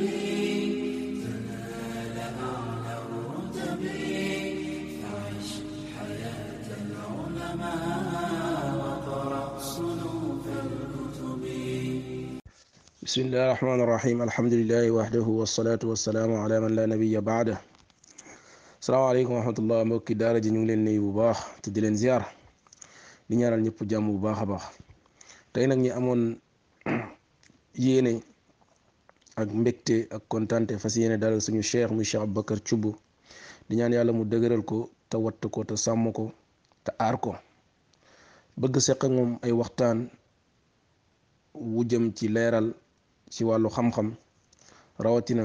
بسم الله الرحمن الرحيم الحمد لله وحده والصلاة والسلام على من لا نبي بعده السلام عليكم ورحمة الله مك دار جنون لني بباخ تدلن زيار لنيار نيب جامو باخ باخ تاين نغي امون ييني ak mbegte ak kontante fas yéene dalal suñu cheikh muy cheikh Aboubacar Thioub di ñaan yàlla mu dëgëral ko te watt ko te sàmm ko te aar ko bëgg seq ak moom ay waxtaan wu jëm ci leeral ci wàllu xam-xam rawatina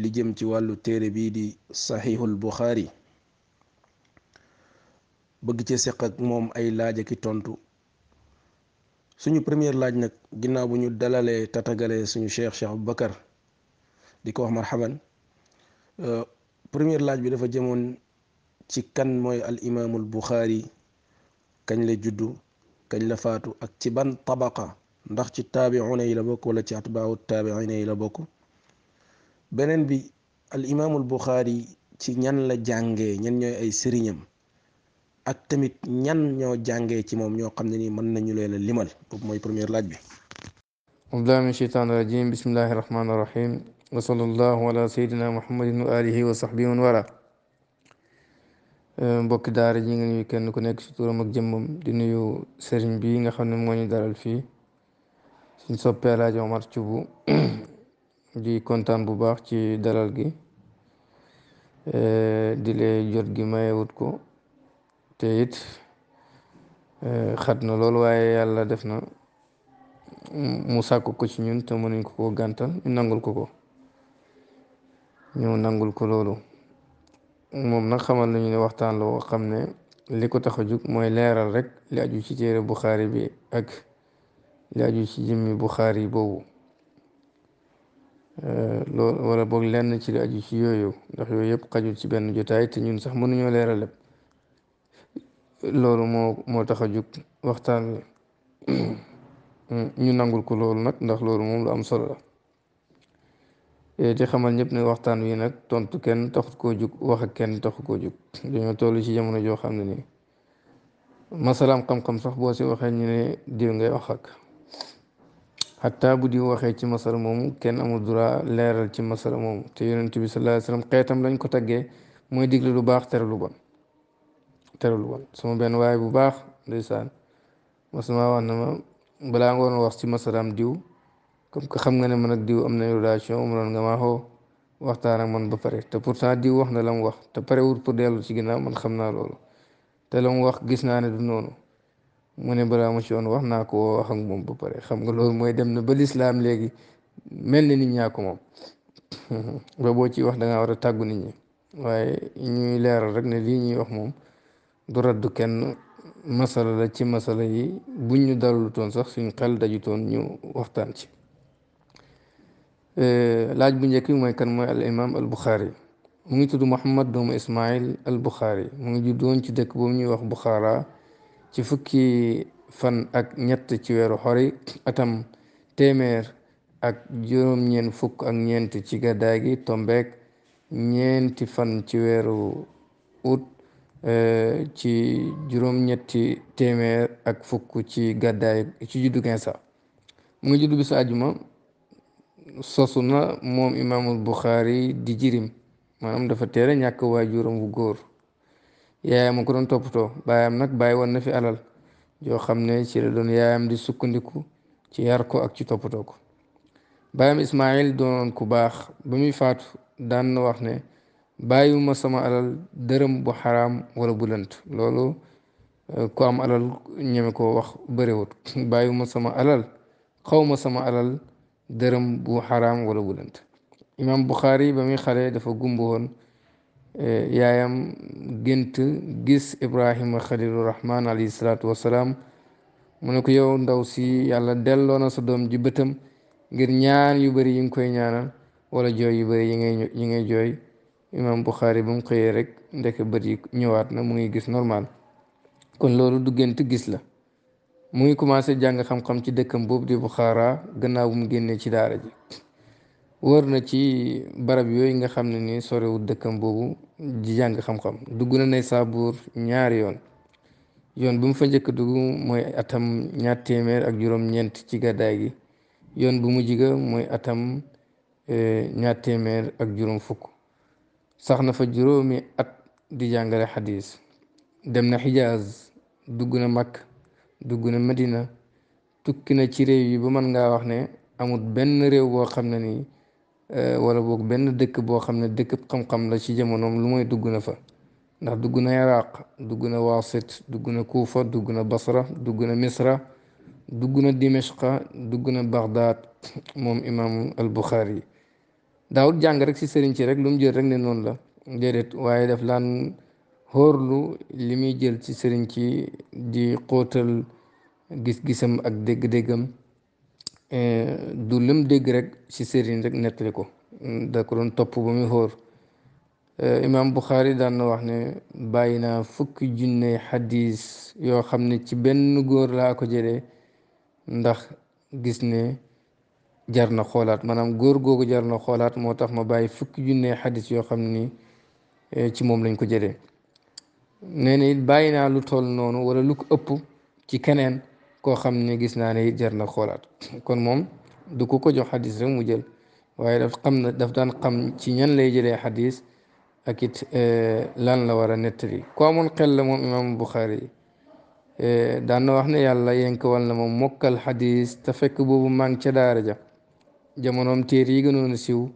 li jëm ci wàllu téere bii di saxiixul Buxaari bëgg ci seq ak moom ay laaj ak i tontu suñu première laaj nag ginnaaw bu ñu dalalee tatagalee suñu cheikh cheikh Aboubacar di ko wax marhaban euh, première laaj bi dafa jëmoon ci kan mooy al imaamul Buxaari kañ la juddu kañ la faatu ak ci ban tabaqa ndax ci taabiuna yi la bokk wala ci atbaawu taabiina yi la bokk beneen bi al imaamul Buxaari ci ñan la jàngee ñan ñooy ay sëriñam ak tamit ñan ñoo jàngee ci moom ñoo xam ne nii mën nañu leen a limal boobu mooy première laaj bi abdullah min sheytaan rajim bismillahi rahmani rahim wa sallallahu ala sayidina muhammadin wa alihi wa sahbihi man wala daara ji nga nuyu kenn ku nekk si turam ak jëmmam di nuyu sëriñ bi nga xam ne moo ñu daral fii suñ soppee Alaaji Omar Cubu di kontaan bu baax ci dalal gi eh, di lee jot gi mayewut ko te it eh, xat na loolu waaye yàlla def na mu sàkk ko ci ñun te mënuñ ko koo gàntal ñu nangul ko ko ñu nangul ko loolu moom nag xamal nañu ne waxtaan la woo xam ne li ko tax a jug mooy leeral rek li aju ci téere Buxaari bi ak li aju ci jëmmi Buxaari boobu eh, loolu wala boog lenn ci li aju ci yooyu ndax yooyu yëpp xajul ci benn jotaay te ñun sax mënuñoo leeral lépp loolu moo moo tax a jóg waxtaan wi ñu nangul ko loolu nag ndax loolu moom lu am solo la te eh, xamal ñëpp ne waxtaan wi nag tontu kenn taxut koo jóg wax ak kenn taxut koo jug dañoo toll ci jamono joo xam ne nii masalaam xam-xam sax boo si waxee ñu ne diw ngay wax ak xataa bu di waxee ci masala moomu kenn amul droit leeral ci masala moomu te yonent bi sallallahu alayhi wa xeetam lañ ko taggee mooy digle lu baax tere lu bon terul woon sama benn waaye bu baax ndeysaan mas na maa wax ma balaa nga wax ci masalaam diw comme que xam nga ne man ak diw am nañu relation mënoon nga maa oh, xoo ak man ba pare te pourtant diw wax na la mu wax te pare pour dellu ci ginnaaw man xam naa te la wax gis naa ne du noonu mu ne balaa ma ci woon wax naa ko woo wax ak moom ba pare xam nga loolu mooy dem na ba lislaam léegi mel ni nit ñaa ko moom ba boo ci wax da war a tàggu nit ñi waaye ñuy leeral rek ne lii ñuy wax moom. du raddu kenn masala la ci masala yi buñ ñu dalutoon sax suñ xel dajutoon ñu waxtaan ci laaj bu njëkk bi mooy kan mooy al imam al buxaari mu ngi tudd muhammad doomu ismail al buxaari mu ngi juddoon ci dëkk boobu ñuy wax buxaara ci fukki fan ak ñett ci weeru xori atam téeméer ak juróom-ñeent fukk ak ñeent ci gàddaay gi tombeek ñeenti fan ci weeru ut Eh, ci juróom-ñetti téeméer ak fukk ci gàddaay ci juddu Iisaa mu ngi juddu bisu àjjuma sosu na moom imaamul Buxaari di jirim maanaam dafa teel a ñàkk waajuram bu góor yaayam a ko doon toppatoo baayam nag bàyyi woon na fi alal yoo xam ne ci la doon yaayam di sukkandiku ci yar ko ak ci toppatoo ko baayam Ismaayil doonoon ku baax ba muy faatu daan na wax ne bàyyiwuma sama alal dërëm bu xaraam wala bu lënt loolu euh, ku am alal ñeme ko wax bëriwut bàyyiwuma sama alal xawma sama alal dërëm bu xaraam wala bu lënt imam Bukhari ba muy xale dafa gumba woon euh, yaayam gént gis Ibrahima xalilu rahman alayhi salaatu wasalaam mu ne ko yow ndaw si yàlla delloo na sa doom ji bëtam ngir ñaan yu bëri yi nga koy ñaanal wala jooy yu bëri yi yi ngay jooy imam Buxaari ba mu xëyee rek ndeke bët yi ñëwaat na mu ngi gis normal kon loolu du gis la mu ngi commencé jàng xam-xam ci dëkkam boobu di Buxaara gannaaw bu mu génnee ci daara wër na ci barab yooyu nga xam ne ni sorewul dëkkam boobu di jàng xam-xam dugg na ne saabuur ñaari yoon yoon bu mu fa njëkk dugg mooy atam ñaar téeméer ak juróom-ñeent ci gàddaay gi yoon bu mu jiga mooy atam eh, ñaar ak juróom fukk صحنا فجرومي جرومي أت دي حديث دمنا حجاز دقنا مك دقنا مدينة تكنا تيري بمن غا وحنا أمود بن ريو بو خمناني ولا بوك بن دك بو خمنا دك بقم قم لا شي جمو نوم لموي دقنا فا ناخ دقنا عراق دقنا واسط دقنا كوفة دقنا بصرة دقنا مصر دقنا دمشق دقنا بغداد موم إمام البخاري daawut jàng rek si sëriñ ci rek lu mu jël rek ne noonu la déedéet waaye daf laan xóorlu li muy jël ci sëriñ ci di xóotal gis-gisam ak dégg-déggam eh, du lëm dégg rek ci sëriñ rek nettali ko da doon topp ba muy xóor eh, imaam Buxaari daan na wax ne bàyyi naa fukk junne xadis yoo xam ne ci benn góor laa ko jëlee ndax gis ne jar na xoolaat maanaam góor googu jar na xoolaat moo tax ma bàyyi fukki junne xadis yoo xam ni eh, ci moom lañ ko jëlee nee na bàyyi naa lu toll noonu wala lu ko ëpp ci keneen koo xam ne gis naa ne it jar na xoolaat kon moom du ko ko jox xadis rek mu jël waaye daf na daf daan xam ci ñan lay jëlee xadis ak it eh, lan la war a nettali ko amoon xel la moom imaamu Buxaari yi eh, daan na wax ne yàlla yenkawal na moom mokkal xadis te fekk boobu maa ngi ca daara ja jamonoom téere yi gënoon a siiw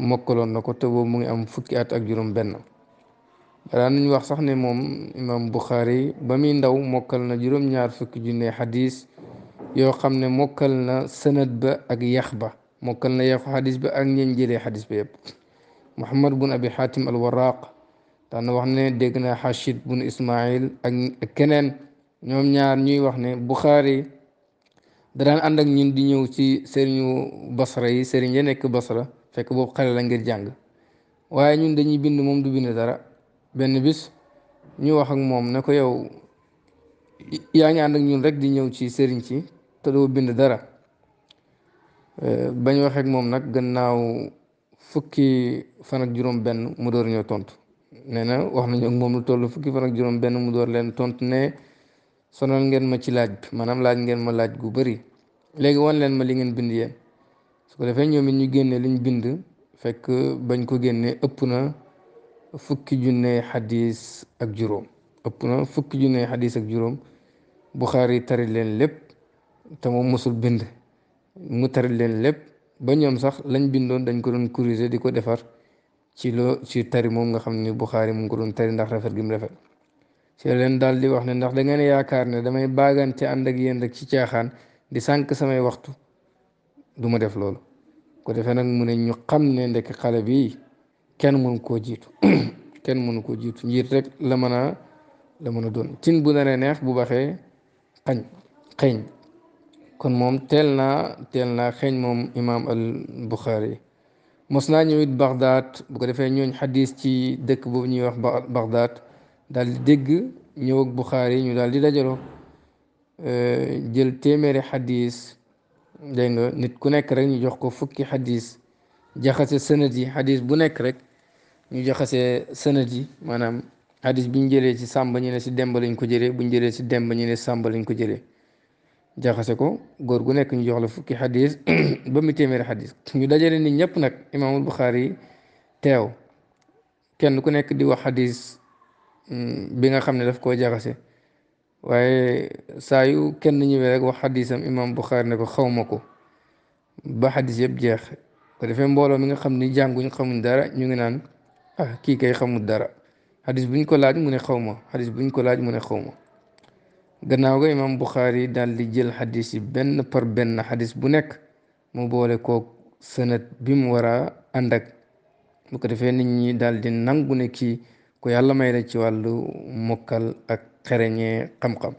mokkaloon na ko te boobu mu ngi am fukki at ak juróom benn daan nañu wax sax ne moom imam Bukhari ba muy ndaw mokkal na juróom-ñaar fukki junne xadis yoo xam ne mokkal na sanad ba ak yax ba mokkal na yaxu xadis ba ak ñeen jëlee xadis ba yëpp Muhammad bun Abi Hatim al Waraq daan wax ne dégg naa Xashid bun Ismail ak keneen ñoom ñaar ñuy wax ne Bukhari da daan ànd ak ñun di ñëw ci sëriñu basra yi sëriñ ya nekk basra fekk boobu xale la ngir jàng waaye ñun dañuy bind moom du bind dara benn bis ñu wax ak moom ne yow yaa ngi rek di ñëw ci sëriñ ci te doo bind dara euh, bañ wax ak moom nag gannaaw fukki fan ak juróom benn mu door ñoo tontu nee na wax nañu ak moom lu toll fukki fan ak juróom benn mu door leen tontu ne sonal ngeen ma ci laaj bi maanaam laaj ngeen ma laaj gu bari léegi wan leen ma li ngeen bind yéen su ko defee ñoom it ñu génne liñ bind fekk bañ ko génne ëpp na fukki junne xadis ak juróom ëpp na fukki junne xadis ak juróom Buxaari tari leen lépp te moom mosul bind mu tari leen lépp ba ñoom sax lañ bindoon dañ ko doon corriger di ko defar ci loo ci tari moom nga xam ne Buxaari mu ngi ko doon tari ndax rafet gi mu rafet ci leen daal di wax ne ndax da ngeen yaakaar ne damay baagante ànd ak yéen rek ci caaxaan di sànq samay waxtu du ma def loolu ko defee nag mu ne ñu xam ne ndekk xale bi kenn mënu koo jiitu kenn mënu koo jiitu njiit rek la mën a la mën a doon tin bu naree neex bu baxee xañ kon moom teel naa teel naa xëñ moom imaam al Buxaari mos naa ñëw it Baxdaad bu ko defee ñooñ xadis ci dëkk boobu ñuy wax Baxdaad daal di dégg ñëw ak Buxaari ñu daal di dajaloo eh, jël téeméeri xadis dégg nga nit ku nekk rek ñu jox ko fukki xadiis jaxase sanad yi xadis bu nekk rek ñu jaxase sanad yi maanaam xadis bi ñu jëlee si sàmba ñu ne si demb lañ ko jëlee bu ñu jëlee si demb ñu ne sàmba lañ ko jële jaxase ko góor gu nekk ñu jox la fukki xadis ba mu téeméeri xadis ñu dajale nit ñëpp nag imaamul Buxaari teew kenn ku nekk di wax xadis. bi nga xam ne daf koo jaxase waaye saa yu kenn ñëwee rek wax xadisam imam Buxaari ne ko xaw ko ba xadis yëpp jeex ko defee mbooloo mi nga xam ni jànguñ xamuñ dara ñu ngi naan ah kii kay xamul dara xadis buñ ko laaj mu ne xaw ma xadis buñ ko laaj mu ne xaw ma gannaaw ga imam Buxaari daal di jël xadis benn par benn xadis bu nekk mu boole kook sënat bi mu war a ànd ak ko defee nit ñi daal di nangu ne kii ku yàlla may la ci wàllu mukkal ak xereñee xam-xam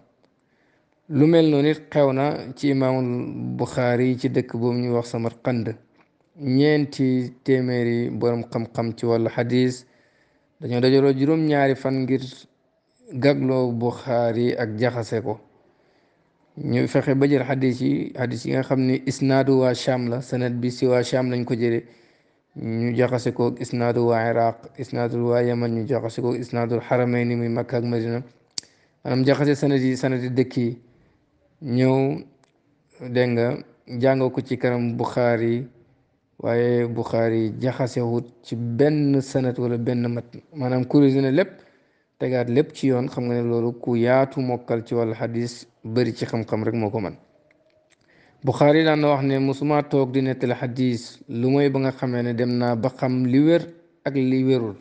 lu mel noonu it xew na ci imaamul buxaari ci dëkk boobu ñu wax Samarqand ñeenti téeméeri borom xam-xam ci wàllu xadis dañoo dajaloo juróom-ñaari fan ngir gagloo buxaari ak jaxase ko ñu fexe ba jël xadis yi xadis yi nga xam ni isnaadu waa Sham la sanad bi si waa Sham lañ ko jëlee ñu jaxase koog isnaadu waa iraq isnaadul waa yaman ñu jaxase koog isnaadul xaramayni muy makka ak madina maanaam jaxase sanad yi sanad yi dëkk yi ñëw dégg nga jàngoo ko ci kanam buxaari waaye buxaari jaxasewut ci benn sanad wala benn mat maanaam corrigé na lépp tegaat lépp ci yoon xam nga ne loolu ku yaatu mokkal ci wàllu xadis bëri ci xam-xam rek moo ko man Buxaari daan na wax ne musuma toog di nettali xadis lu mooy ba nga xamee ne dem naa ba xam li wér ak li wérut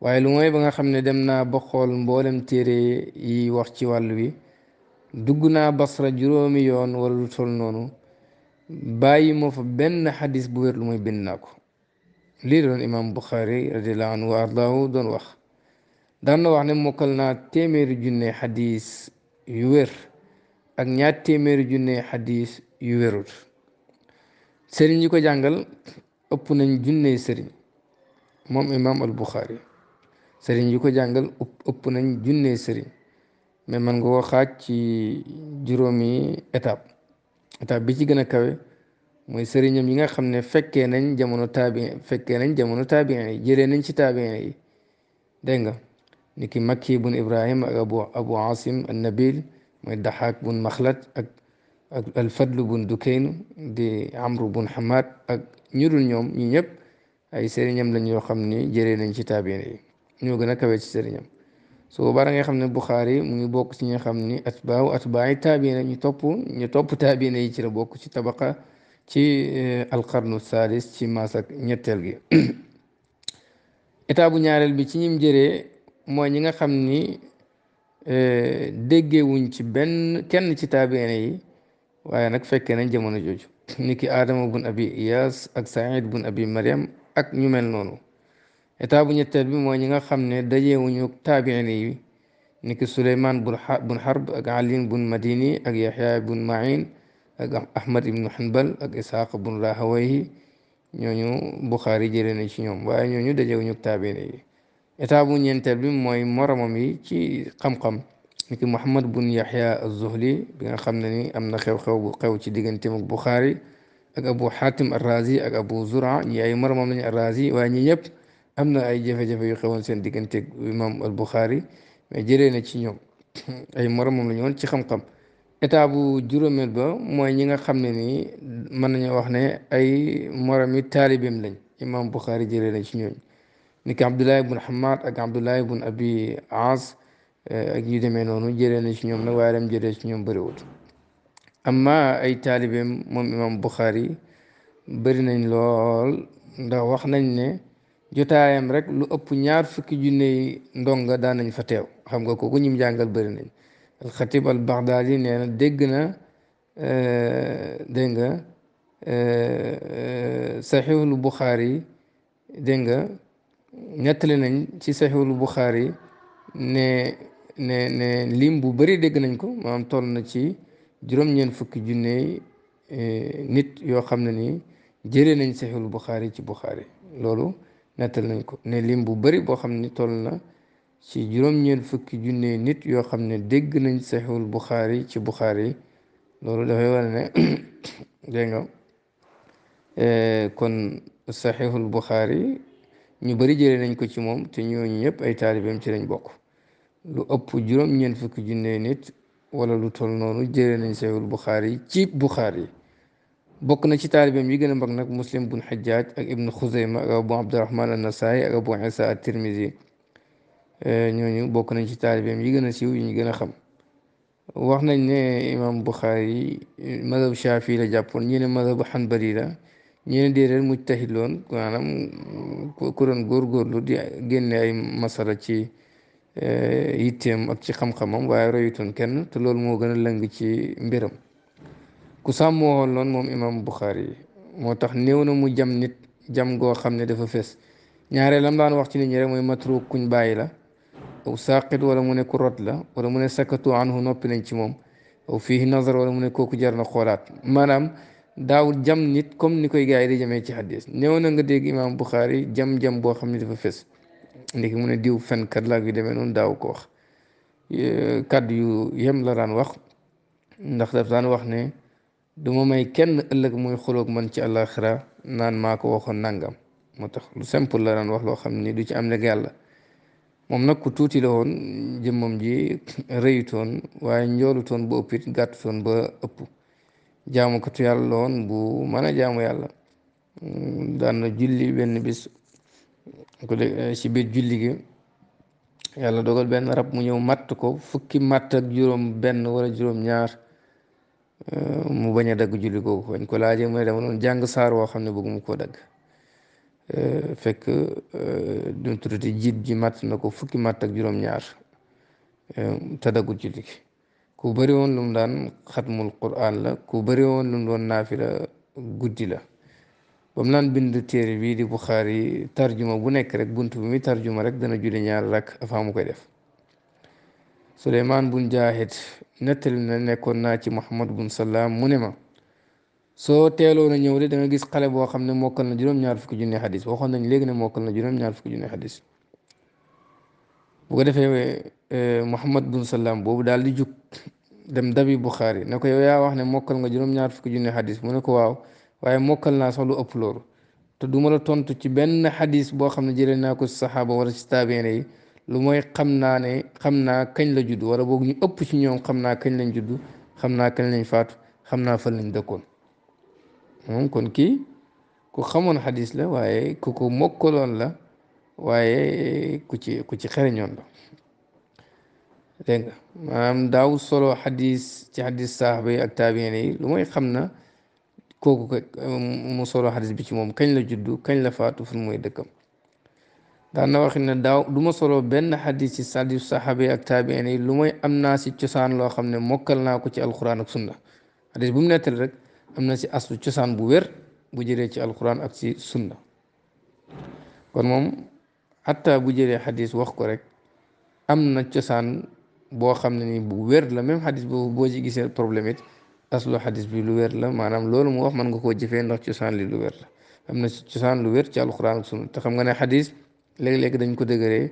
waaye lu mooy ba nga xam ne dem naa ba xool mboolem téere yi wax ci wàll wi dugg naa Basra juróomi yoon wala lu toll noonu bàyyi ma fa benn xadiis bu wér lu mooy bind naa ko lii doon imaam Buxaari radiyallahu anhu doon wax daan wax ne mokkal naa téeméeri junne xadis yu wér. ak ñaar téeméeri junne xadis yu wérut sëriñ yi ko jàngal ëpp nañ junne sëriñ moom imaam al buxaari sëriñ yi ko jàngal ëpp nañ junne sëriñ mais man nga ko ci juróomi étape étape bi ci gën a kawe mooy sëriñam yi nga xam ne fekkee nañ jamono taabiin fekkee nañ jamono taabiin yi jëlee nañ ci taabiin yi dégg nga ni ki makki bun ibrahim ak abu asim an mooy daxaak bun maxlat ak ak alfadlu bun dukaynu di amru bun xamaat ak ñurul ñoom ñi ñëpp ay sëriñam lañ yoo xam ni jëree nañ ci taabiin yi ñoo gën a kawee ci sëriñam su boobaa da xam ne Buxaari mu ngi bokk ci ñi nga xam ni atbaaw atbaay taabiina ñu topp ñu topp taabiina yi ci la bokku ci tabaqa ci eh, alqarnu saalis ci masak ñetteel gi état ñaareel bi ci ñim jëree mooy ñi nga xam ni Eh, déggewuñ ci benn kenn ci taabiine yi waaye nag fekkee nañ jamono jooju ni ki Adama bun abi Iyas ak Saïd bun abi Mariam ak ñu mel noonu état bu ñetteel bi mooy ñi nga xam ne dajewuñu taabiine yi ni ki Suleymaan bun Harb ak Ali bun Madini ak Yaxya bun Maïn ak Ahmad ibnu Hanbal ak Isaaq bun Rahawayhi ñooñu Buxaari jëlee na ci ñoom waaye ñooñu dajewuñu taabiine yi état bu ñeenteel bi mooy moromam yi ci xam-xam ni Muhammad bun Yaxya zuhli bi nga xam ne ni am na xew-xew bu xew ci digganteem ak Buxaari ak Abu Xaatim ar ak Abu Zura ñi ay moromam lañu ar-Razi waaye ñi ñëpp am na ay jafe-jafe yu xewoon seen digganteeg imam al-Buxaari mais jëlee na ci ñoom ay moromam lañu woon ci xam-xam état bu juróomeel ba mooy ñi nga xam ne nii mën nañoo wax ne ay moromi taalibeem lañ imam Buxaari jëlee na ci ñooñu. نك عبد الله بن حماد اك عبد الله بن ابي عاص آه، اك يدمي نونو جيرينيش نيوم لا وارم جيرينيش نيوم بريوت اما اي طالب مم امام بخاري برنا لول دا واخنا ني جوتايام رك لو اوب نيار فكي جوني ندونغا دا نان فا تيو خمغا كوكو نيم جانغال برنا الخطيب البغدادي نينا دغنا آه، دنگا آه، صحيح البخاري دنگا nettali nañ ci saxiwul Buxaari ne ne ne lim bu bëri dégg nañ ko maanaam toll na ci juróom-ñeent fukki e, nit yoo xam ne nii jëlee nañ saxiwul Buxaari ci Buxaari loolu nettali nañ ko ne lim bu bëri boo xam ne toll na ci juróom-ñeent fukki junney nit yoo xam ne dégg nañ saxiwul Buxaari ci Buxaari loolu dafay wane ne dégg nga e, kon saxiwul Buxaari ñu bari jëlee nañ ko ci moom te ñooñu ñëpp ay taalibeem ci lañ bokk lu ëpp juróom-ñeent fukki junne nit wala lu tol noonu jëlee nañ sayul Buxaari ci Buxaari bokk na ci taalibeem yi gën a mag nag muslim bun xajjaaj ak ibnu xuzayma ak abu abdurahman an nasaay ak abu isa at tirmisi eh, ñooñu bokk nañ ci taalibeem yi gën a siw yi ñu gën a xam wax nañ ne imam Buxaari eh, madhab shafi la jàppoon ñu ne madhab xanbali la ñeeni mu mujtahid loon maanaam ku doon góorgóorlu di génne ay masala ci eh, yitteem ak ci xam-xamam waaye royutoon kenn te loolu moo gën a lëng ci mbiram ku sàmmoo woon loon moom imam Buxaari moo tax néew na mu jam nit jam goo xam ne dafa fees ñaaree lam daan wax ci nit ñi mooy matruk kuñ bàyyi la aw saaqit wala mu ne ku rot la wala mu ne sakatu anhu noppi nañ ci moom aw fiihi nazar wala mu ne kooku jar na xoolaat maanaam daawul jam nit comme ni koy gars yi di jamee ci xadis néew na nga dégg imaam Buxaari jam-jam boo xam ne dafa fes ndiki mu ne diw fenkat laa ak demee noonu daaw ko wax kàddu yu yem la daan wax ndax daf daan wax ne du ma may kenn ëllëg mooy xuloog man ci àllaaxira naan maa ko waxoon nangam moo tax lu simple la daan wax loo xam ni du ci am nag yàlla moom nag ku tuuti la woon jëmmam ji rëyutoon waaye njoolutoon ba ëppit gàttutoon ba ëpp jaamukatu yàlla la woon bu mën a jaamu yàlla mm, daan na julli benn bis ko eh, ci biir julli gi yàlla dogal benn rab mu ñëw matt ko fukki matt ak juróom benn wala juróom ñaar eh, mu bañ a dagg julli googu bañ ko laajee mu ne dama jàng saar woo xam ne bëgg koo dagg eh, fekk du tuddati jiit ji matt na ko fukki matt ak juróom ñaar te daggul julli gi ku bëri woon lu mu daan xatmul quraan la ku bëri woon lu mu doon naafila guddi la ba mu naan bind téere bii di Buxaari tarjuma bu nekk rek bunt bi muy tarjuma rek dana julli ñaar rakk afaa mu koy def Suleymaan bun Jaahid nettali na nekkoon naa ci Muhammad bun Salaam mu ne ma soo teeloo na ñëw de da gis xale boo xam ne mokkal na juróom-ñaar fukki junne xadis waxoon nañ léegi ne mokkal na juróom-ñaar fukki junne xadis bu defee Euh, Muhammad bun Salaam boobu daal di jug dem dabi Buxaari ne ko yow yaa wax ne mokkal nga juróom-ñaar fukki junne xadis mu ne ko waaw waaye mokkal naa sax ëpp loolu te du ma la tontu ci benn xadiis boo xam ne jëlee naa ko si saxaaba wala si taabiin yi lu mooy xam naa ne xam naa kañ la juddu wala boog ñu ëpp ci ñoom xam naa kañ lañ judd xam naa kañ lañ faatu xam naa fan nañ dëkkoon moom kon kii ku xamoon xadiis la waaye ku ko mokkaloon la waaye ku ku ci xereñoon la dégg nga maanaam daaw solo xadis ci xadis saxaaba yi ak taabiin yi lu mooy xam na kooku mu solo xadis bi ci moom kañ la juddu kañ la faatu fan mooy dëkkam daan na waxi ne daaw du ma solo benn xadis ci xadis saxaaba yi ak taabiin yi lu mooy am naa si cosaan loo xam ne mokkal naa ko ci alquran ak sunna xadis bu mu nettali rek am na si aslu cosaan bu wér bu jëlee ci alquran ak ci sunna kon moom xataa bu jëlee xadis wax ko rek am na cosaan bo xamne ni bu wér la même hadith bo bo ci gisee problème it aslu hadith bi lu wér la manam lolu mu wax man nga koo jëfee ndax san li lu wér la amna ci san lu wér ci alquran ak sunna te xam nga ne hadith leg leg dañ ko dëgëree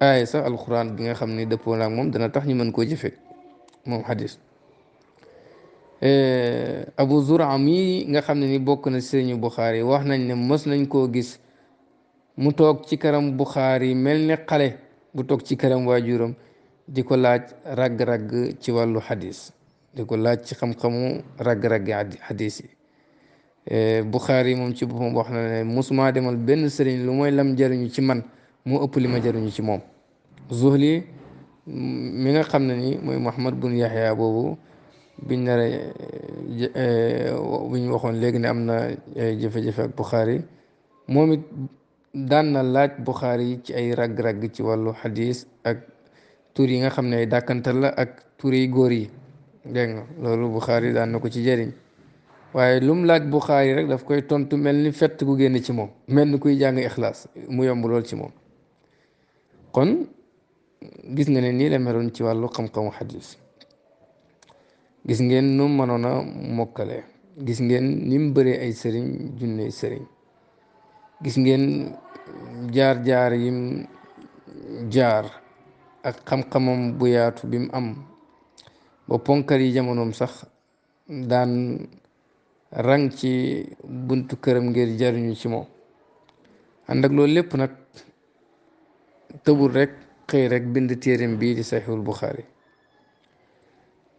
ay sax alquran bi nga xamne ne dëppoo mom dana tax ñu mën jëfé mom hadith eh abu zur'ami nga xamne ni bok na serigne bukhari wax nañ ne mës nañ ko gis mu tok ci karam bukhari melni xale bu tok ci karam waajuram di ko laaj ragg-ragg ci wàllu xadiis di ko laaj ci xam-xamu ragg-raggi xadis e, yi moom ci boppam wax na ne musuma demal benn sëriñ lu mooy lam jariñu ci man moo ëpp li ma jariñu ci moom Zuhli mi nga xam na ni mooy Muhammad bun Yaxya boobu biñ nara e, e, bu waxoon léegi ne am na jafe-jafe ak Buxaari moom it daan na laaj Buxaari ci ay ragg-ragg ci wàllu xadiis ak tur yi nga xam ne dàkkantal la ak turi yi góor yi dégg nga loolu Buxaari daan na ko ci jariñ waaye lu mu laaj Buxaari rek daf koy tontu mel ni fett gu génn ci moom mel ni kuy jàng ixlaas mu yomb lool ci moom kon gis nga ne nii meloon ci wàllu xam-xamu xadis gis ngeen nu mënoon a mokkale gis ngeen ni mu ay sëriñ junne sëriñ gis ngeen jaar-jaar yim jaar ak xam-xamam bu yaatu bi mu am ba ponkal yi jamonoom sax daan rang ci buntu këram ngir jariñu ci moom ànd ak loolu lépp nag tëbul rekk xëy rek bind téereem bii di saxiwul Buxaari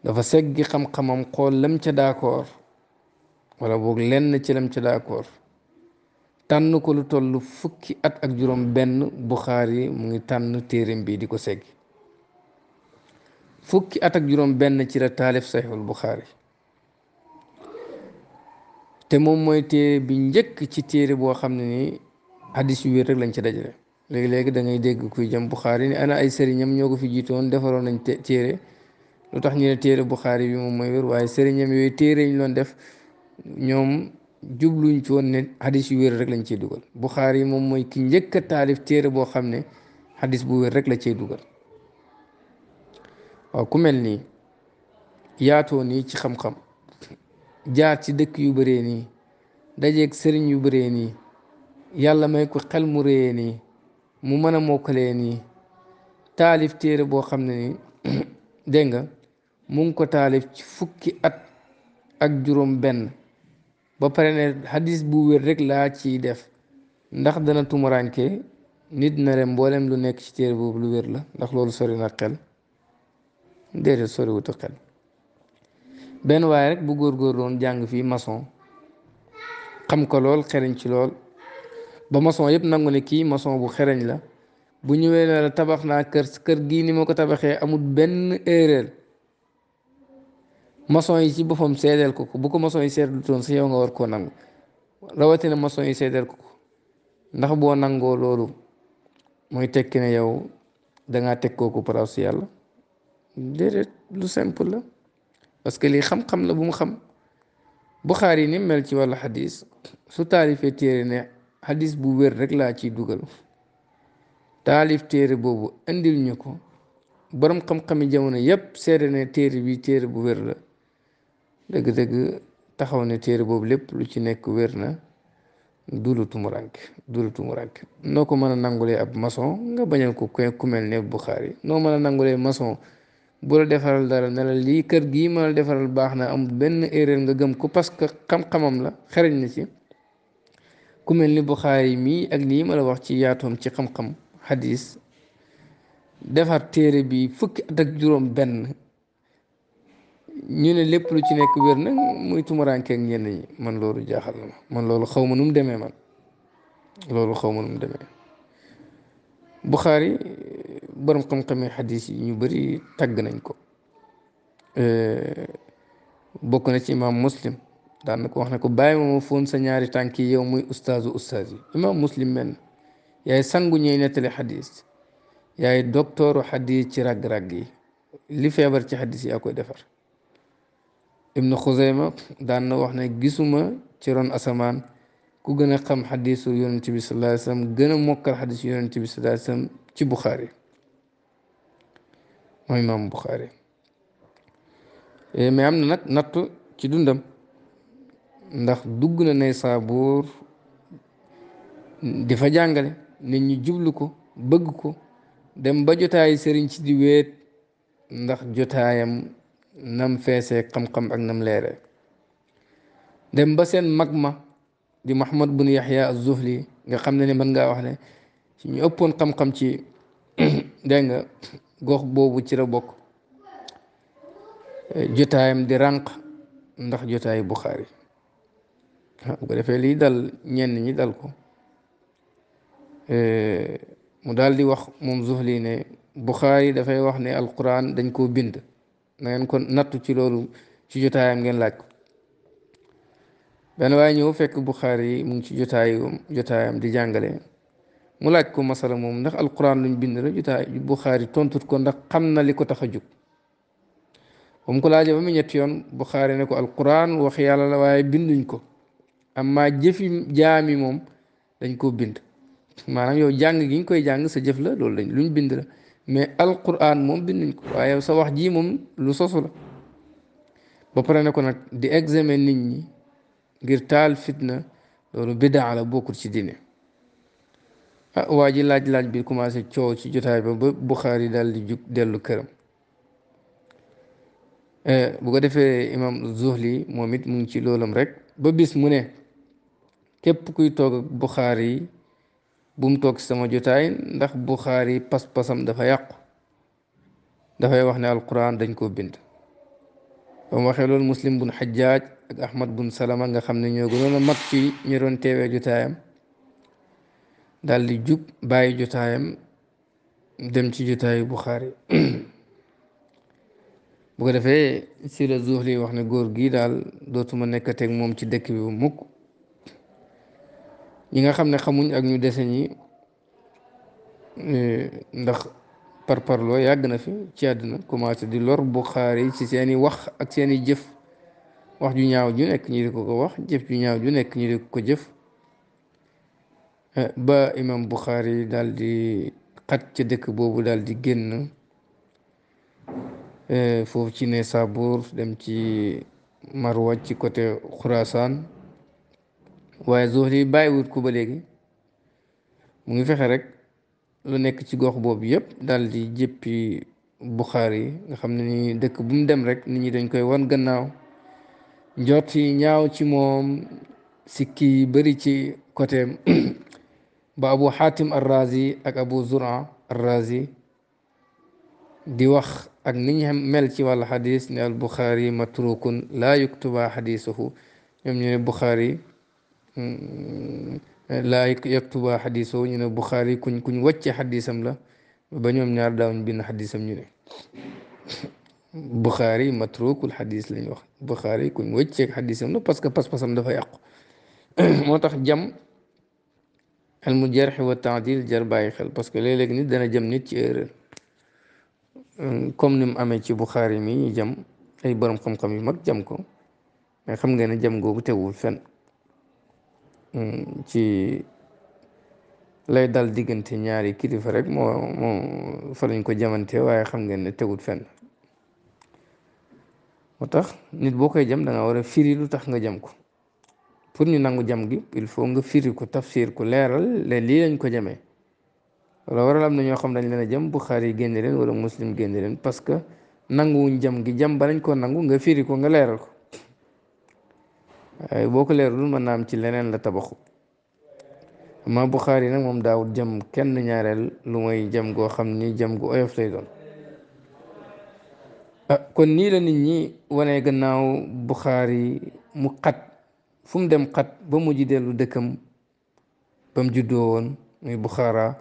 dafa seggi xam-xamam xool lam ca d'accord wala boog lenn ci lam ca d'accord tànn ko lu toll fukki at ak juróom benn Buxaari mu ngi tànn téereem bii di ko segg fukki at ak juróom benn ci la taalif saxiixul Buxaari te moom mooy téere bi njëkk ci téere boo xam ne ni hadis yu wér rek lañ ci dajale léegi-léegi da ngay dégg kuy jëm Buxaari ni ana ay sëriñam ñoo ko fi jiitoon defaroon nañ téere lu tax ñu ne téere Buxaari bi moom mooy wér waaye sëriñam yooyu téere ñu loon def ñoom jubluñ ci woon ne hadis yu wér rek lañ ciy dugal Buxaari yi moom mooy ki njëkk taalif téere boo xam ne hadis bu wér rek la ciy dugal waaw ku mel nii yaatoo nii ci xam-xam jaar ci dëkk yu bëree nii dajeeg sëriñ yu bëree nii yàlla may ko xel mu réyee nii mu mën a mokkalee nii taalif téere boo xam ne nii dégg nga mu ngi ko taalif ci fukki at ak juróom benn ba pare ne xadis bu wér rek laa ciy def ndax dana tumuraanke nit na mboolem lu nekk ci téere boobu lu wér la ndax loolu sori na xel déedéet soriwut a xel benn waaye rek bu góor doon jàng fii mason xam ko lool xereñ ci lool ba mason yëpp nangu ne kii mason bu xereñ la bu ñëwee ne la tabax naa kër kër gii ni ma ko tabaxee amul benn erreur maçon yi ci boppam seedeel ko ko bu ko maçon yi seedeelutoon si yow nga war koo nangu rawatina yi seedeel ko ko ndax boo nangoo loolu mooy tekki ne yow dangaa teg kooku place yàlla déedéet lu simple la parce que lii xam-xam la bu mu xam Buxaari yi ni mel ci wàllu xadis su taalifee téere ne xadis bu wér rek laa ciy dugal taalif téere boobu indil ñu ko boroom xam-xami jamono yépp seede ne téere bi téere bu wér la dëgg-dëgg taxaw ne téere boobu lépp lu ci nekk wér na dulu tumurank dulu tumurank noo ko mën a nangulee ab maçon nga bañal ko ku ni ne Buxaari noo mën a nangulee maçon bu la defaral dara ne lii kër gii ma la defaral baax na am benn erreur nga gëm ko parce que xam-xamam la xereñ na ci ku mel ni Buxaari mii ak lii ma la wax ci yaatoom ci xam-xam xadis defar téere bi fukki at ak juróom benn ñu ne lépp lu ci nekk wér nag muy tumuraankeeg ñenn ñi man loolu jaaxal na man loolu xaw ma nu mu demee man loolu xaw ma nu mu demee Buxaari borom xam-xame xadis yi ñu bari tagg nañ ko bokk na ci imaam muslim daan na ko wax ne ko bàyyi ma ma foon sa ñaari tànk yow muy ustaazu ustaaz yi imaam muslim men yaay sangu ñuy nettali xadis yaay doktooru xadis ci ragg-ragg yi li feebar ci xadis yaa koy defar. ibnu xuzeyma daan na wax ne gisuma ci ron asamaan ku gën a xam xadisu yonent bi sallallahu alayhi wasallam gën a mokkal xadisu yonent bi sallallahu alayhi wasallam ci buxaari mooy imaamu buxaari eh, mais am na nag nattu ci dundam ndax dugg na nay saabuur di fa jàngale nit ñi jublu ko bëgg ko dem ba jotaayu sëriñ ci di weet ndax jotaayam nam feesee xam-xam ak nam leere dem ba seen mag ma di Muhammad bun Yaxya az-Zuhli nga xam ne ni mën ngaa wax ne ñu ëppoon xam-xam ci dégg nga gox boobu ci la bokk jotaayam di rànq ndax jotaayu Buxaari bu ko defee lii dal ñenn ñi dal ko mu daal di wax moom Zuhli ne Buxaari dafay wax ne alquran dañ koo bind na ngeen ko nattu ci loolu ci jotaayam ngeen laaj ko benn waaye ñëw fekk Buxaari mu ngi ci jotaayu jotaayam di jàngale mu laaj ko masala moom ndax alquran luñ bind la jotaay Buxaari tontut ko ndax xam na li ko tax a jóg ba mu ko laajee ba mu ñetti yoon Buxaari ne ko alquran wax yàlla la waaye binduñ ko amma jëfi jaami moom dañ ko bind maanaam yow jàng gi ñu koy jàng sa jëf la loolu lañ luñ bind la mais alquran moom bind nañ ko waaye sa wax jii moom lu sosu la ba pare ne ko nag di examen nit ñi ngir taal fitna loolu bidaa la bokkul ci diine ah waa ji laaj-laaj bi commencé coow ci jotaay ba ba Buxaari daal di jug dellu këram eh, bu ko defee imam Zuhli moom it mu ngi ci loolam rek ba bis mu ne képp kuy toog ak Buxaari bu mu toog sama jotaay ndax buxaari pas-pasam dafa yàqu dafay wax ne alquran dañ koo bind ba mu waxee loolu muslim bun xajjaaj ak ahmad bun salama nga xam ne ñoo gënoon a mag ci ñu doon teewee jotaayam daal di jub bàyyi jotaayam dem ci jotaayu buxaari bu ko defee si la zuhli wax ne góor gi daal dootuma nekkateeg moom ci dëkk bi bu mukk ñi nga xam ne xamuñ ak ñu dese ñi ndax par parparloo yàgg na fi ci àddina commencé di lor Buxaari ci seen i wax ak seen i jëf wax ju ñaaw ju nekk ñu di ko ko wax jëf ju ñaaw ju nekk ñu di ko ko jëf eh, ba imam Buxaari dal di xat ca dëkk boobu daal di génn eh, foofu ci ne Saabuur dem ci Marwa ci côté Xuraasaan waaye Zuhri bàyyiwut ko ba léegi mu ngi fexe rek lu nekk ci gox boobu yëpp daal di jëppi Buxaari yi nga xam ne ni dëkk bu mu dem rek nit ñi dañ koy wan gannaaw njort yi ñaaw ci moom sikki yi bëri ci côté ba Abu Xaatim Arrazi ak Abu Zura Arrazi di wax ak ni ñu mel ci wàllu xadis ne al Buxaari matrukun laa yuktuba xadisuhu ñoom ñu ne Buxaari laa yaktuba xadisoo ñu ne Buxaari kuñ kuñ wàcce xadisam la ba ñoom ñaar daawuñ bind xadisam ñu ne Buxaari matrukul xadis lañ wax Buxaari kuñ wàcceeg xadisam la parce que pas-pasam dafa yàqu moo tax jam al mu jar jarxi wa taadil jar bàyyi xel parce que léeg-léeg nit dana jëm nit ci erreur euh, comme ni mu amee ci Buxaari mi ñu jam ay borom xam-xam yu mag jam ko mais xam nga ne jam googu teguwul fenn. ci lay dal diggante ñaari kilifa rek moo moo fa lañ ko jamante waaye xam ngeen ne tegut fen moo tax nit boo koy jam danga war a firi lu tax nga jam ko pour ñu nangu jam gi il faut nga firi ko tafsir ko leeral le lii lañ ko jamee wala war am na ñoo xam dañ leen a jam Buxaari yi génne leen wala muslim génne leen parce que nanguwuñ jam gi jam ba lañ ko nangu nga firi ko nga leeral ko boo ko leerul mën naa am ci leneen la tabaxu ma Buxaari nag moom daawul jëm kenn ñaareel lu mooy jëm goo xam ni jam gu oyof lay doon ah, kon nii la nit ñi wanee gannaaw Buxaari mu xat fu mu dem xat ba mujj dellu dëkkam ba mu juddoo woon muy Buxaara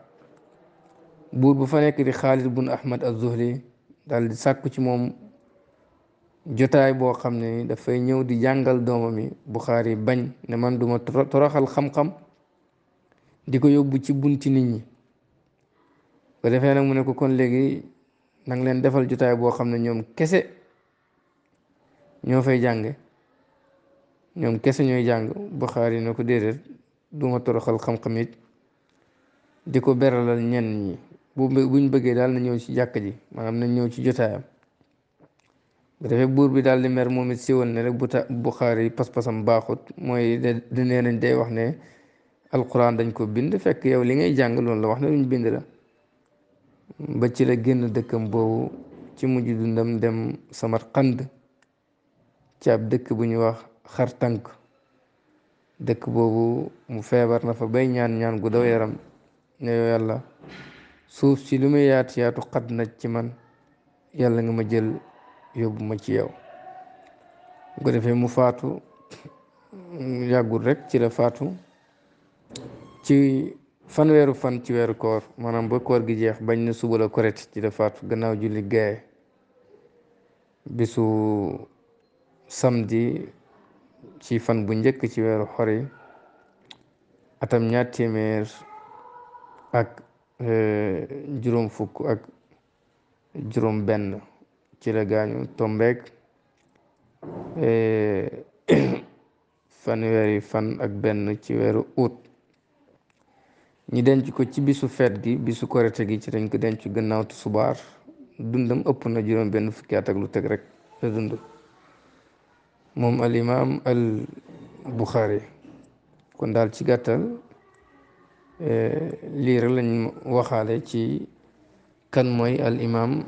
buur bu fa nekk di Xaalid bun Ahmad az-Zuhli daal sàkku ci moom jotaay boo xam ne dafay ñëw di jàngal doomam yi Buxaari bañ ne man duma toroxal xam-xam di ko yóbbu ci bunti nit ñi ba defee nag mu ne ko kon léegi nang leen defal jotaay boo xam ne ñoom kese ñoo fay jànge ñoom kese ñooy jàng Buxaari ne ko déedéet duma toroxal xam-xam it di ko beralal ñenn ñi bu buñ bëggee daal na ñëw ci jàkk ji maanaam na ñëw ci jotaayam bu buur bi daal di mer moom it siwoon ne rek bu ta Buxaari pas-pasam baaxut mooy de nee nañ day wax ne alquran dañ ko bind fekk yow li ngay jàng loolu la wax ne luñ bind la ba ci la génn dëkkam boobu ci mujj dundam dem Samarqand ci ab dëkk bu ñuy wax xar xartank dëkk boobu mu feebar na bay ñaan ñaan gu daw yaram ne yow yàlla suuf si lu muy yaatu yaatu xat na ci man yàlla nga ma jël yóbbu ci yow bu ko defee mu faatu yàggul rekk ci la faatu ci fanweeru fan ci weeru koor maanaam ba koor gi jeex bañ na suba la koret ci la faatu gannaaw julli gaye bisu samedi ci fan bu njëkk ci weeru xori atam ñaar téeméer ak eh, juróom fukk ak juróom benn ci la gaañu tombeek eh, fanweeri fan ak benn ci weeru août ñi denc ko ci bisu feet gi bisu korite gi ci dañ ko denc gannaaw tusubaar dundam ëpp na juróom benn fukki at lu teg rek la dund moom al imaam al buxaari kon daal ci gàttal eh, lii rek lañ waxaale ci kan mooy al imaam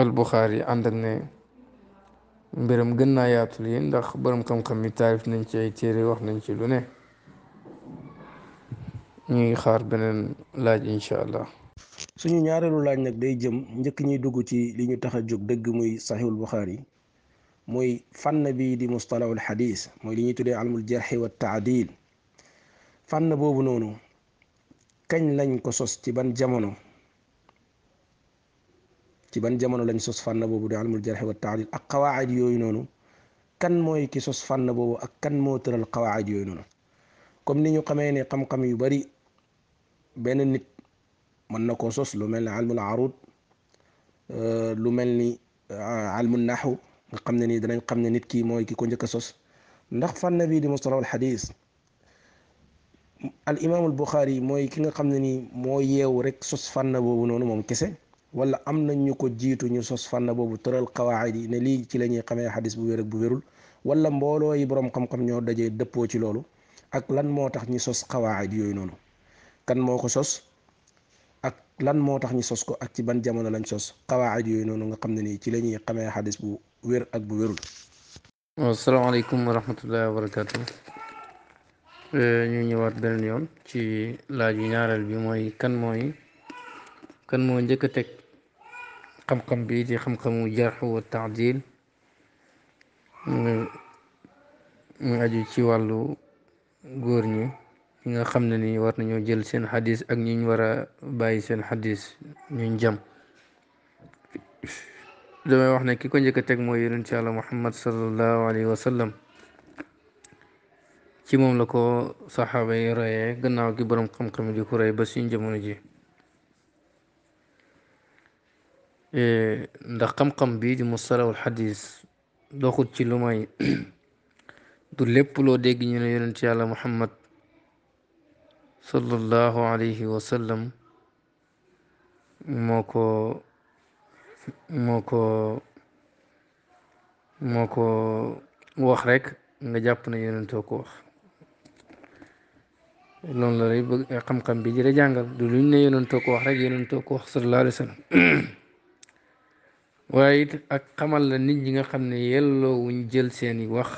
albuxaari yi ànd ak ne mbiram gën naa yaatu lii ndax borom xam-xam yi taarif nañ ci ay téere wax nañ ci lu ne ñu ngi xaar beneen laaj incha allah. suñu ñaareelu laaj nag day jëm njëkk ñuy dugg ci li ñu tax a jóg dëgg muy saxiwul buxaari yi mooy fànn bi di mustalahul xadis mooy li ñuy tuddee almul jarxi wa taadil fànn boobu noonu kañ lañ ko sos ci ban jamono. ci ban jamono lañ sos fànn boobu di almul jarxi wa taadil ak xawaacid yooyu noonu kan mooy ki sos fànn boobu ak kan moo tëral xawaacid yooyu noonu comme ni ñu xamee ne xam-xam yu bari benn nit mën na koo sos lu mel ni almul arud euh, lu mel ni almul euh, naxu nga xam ne nii danañ xam ne nit kii mooy ki ko njëkk a sos ndax fànn bii di mustalahul xadis al imaamul buxaari mooy ki nga xam ne nii moo yeewu rek sos fànn boobu noonu moom kese wala am nañ ñu ko jiitu ñu sos fànn boobu tëral qawaid yi ne lii ci la ñuy xamee bu wér ak bu wérul wala mbooloo yi borom xam-xam ñoo daje dëppoo ci loolu ak lan moo tax ñi sos qawaid yooyu noonu kan moo ko sos ak lan moo tax ñu sos ko ak ci ban jamono lañ sos qawaid yooyu noonu nga xam ne nii ci la ñuy xamee xadis bu wér ak bu wérul asalaamaaleykum wa rahmatullahi wa barakatuh eh, ñu ñëwaat benn yoon ci laaj yi ñaareel bi mooy kan mooy kan moo njëkk a teg قمقم بيدي قمقم وجرح والتعديل من أجل شوالو غورني من خمنني ورني وجل سن حديث أجني ورا باي سن حديث من جم دوما وحنا كي كون جاكتك موير إن شاء الله محمد صلى الله عليه وسلم كي مملكو صحابي رأي قناو كي برم قمقم دي كوري بس ينجمون جي ndax xam-xam bii di mustalahul xadis doxut ci lu may du lépp loo dégg ñu ne yonent yàlla muhammad sallallahu alayhi wa sallam moo ko moo ko moo ko wax rek nga jàpp ne yonentoo ko wax loolu la lay bëgg xam-xam bi di jàngal du luñ ne yonentoo ko wax rek yonentoo ko wax sallallahu alayhi wa sallam waaye it ak xamal la nit ñi nga xam ne yelloo wuñ jël seeni wax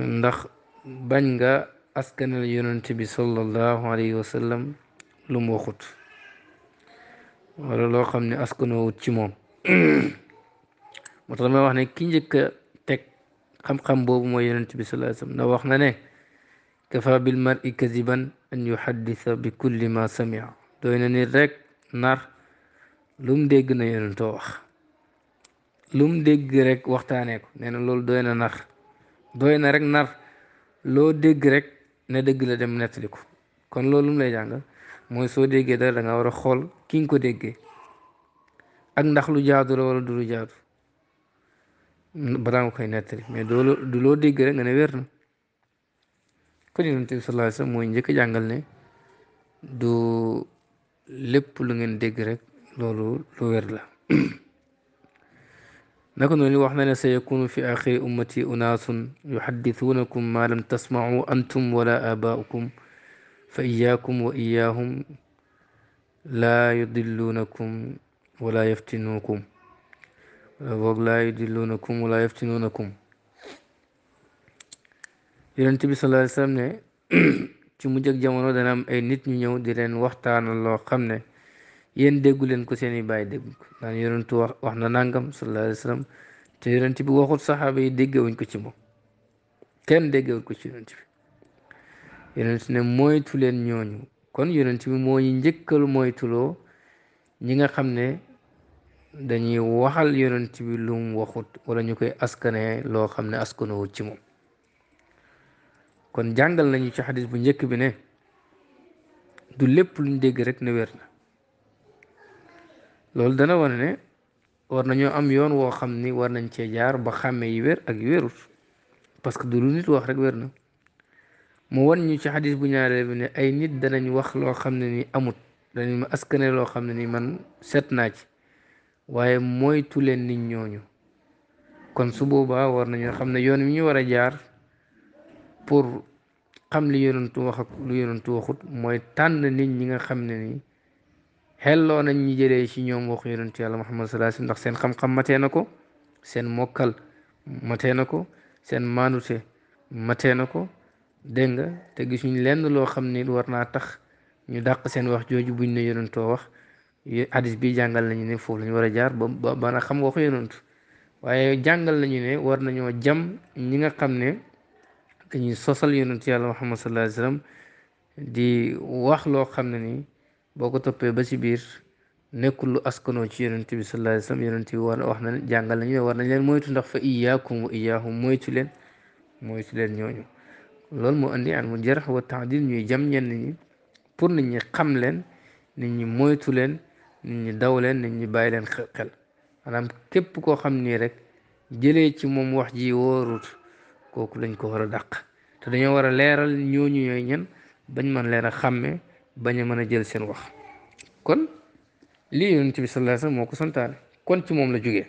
ndax bañ nga askanal yonent bi sallallahu alayhi wa sallam lu mu waxut wala loo xam ne askanoowut ci moom moo tax damay wax ne ki njëkk a teg xam-xam boobu mooy yonent bi sallallahu alayhi wa sallam na wax na ne kafa bil mar'i kaziban an yuhaddisa bi kulli ma samia doy na nit rek nar lu mu dégg na yonentoo wax lu mu dégg rek waxtaanee ko nee na loolu doy na nar doy na rek nar loo dégg rek ne dégg la dem nettali ko kon loolu lu mu lay jàngal mooy soo déggee dara danga war a xool ki nga ko déggee ak ndax lu jaadu la wala du lu ba balaa nga koy nettali mais doo du loo dégg rek nga ne wér na kon yonent bi sallallahu mooy njëkk jàngal ne du lépp lu ngeen dégg rek. لولو لويرلا لكن واحنا سيكون في آخر أمتي أناس يحدثونكم ما لم تسمعوا أنتم ولا آباؤكم فإياكم وإياهم لا يضلونكم ولا يفتنوكم لا يضلونكم ولا يفتنونكم yeren tibi sallallahu alayhi wasallam ne ci mujj ak jamono dana am ay nit ñu ñew di leen waxtaan loo xam yéen déggu leen ko seen baay dégg déggu ko naan yonentu wax na nangam sallallahu alayhi te yonent bi waxut saxaaba yi déggewuñ ko ci moom kenn déggewuñ ko ci yonent bi yonent ne moytu leen ñooñu kon yonent bi moo ñu njëkkal moytuloo ñi nga xam ne dañuy waxal yonent bi lu waxut wala ñu koy askane loo xam ne askanowut ci moom kon jàngal nañu ci xadis bu njëkk bi ne du lépp luñ dégg rek ne wér na loolu dana wane ne war nañoo am yoon woo xam ni war nañ cee jaar ba xàmmee yi wér ak yu wérut parce que du lu nit wax rek wér na moo wan ñu ci xadis bu ñaareel bi ne ay nit danañ wax loo xam ne ni amut danañ ma askane loo xam ne ni man seet naa ci waaye moytu leen nit ñooñu kon su boobaa war nañoo xam ne yoon wi ñu war a jaar pour xam li yonentu wax lu yonentu waxut mooy tànn nit ñi nga xam ne ni xelloo nañ ñi jëlee ci ñoom waxu yonent yàlla Muhammad sallallahu alayhi wasallam ndax seen xam-xam matee na ko seen mokkal matee na ko seen maanute matee na ko dégg nga te gisuñ lenn loo xam ni war naa tax ñu dàq seen wax jooju buñ ne yonentoo wax hadis bi jàngal nañu ne foofu lañu war a jaar ba ba na xam waxu yonent waaye jàngal nañu ne war nañoo jam ñi nga xam ne dañuy sosal yonent yàlla Muhammad sallallahu di wax loo xam ne nii boo ko toppee ba ci biir nekkul lu askanoo ci yonent bi sallallahu alayhi wa sallam yonent wax na jàngal nañu ne war nañ leen moytu ndax fa iyaakum wa iyaahum moytu leen moytu leen ñooñu loolu moo indi an mu jarax wa taadil ñuy jam ñenn ñi pour nit ñi xam leen nit ñi moytu leen nit ñi daw leen nit ñi bàyyi leen xel maanaam képp koo xam nii rek jëlee ci moom wax ji wóorut kooku dañ ko war a dàq te dañoo war a leeral ñooñu ñooy ñen bañ man leen a xàmmee bañ a a jël seen wax kon lii yonent bi sallallahu alayhi wasallam moo ko santaane kon ci moom la jógee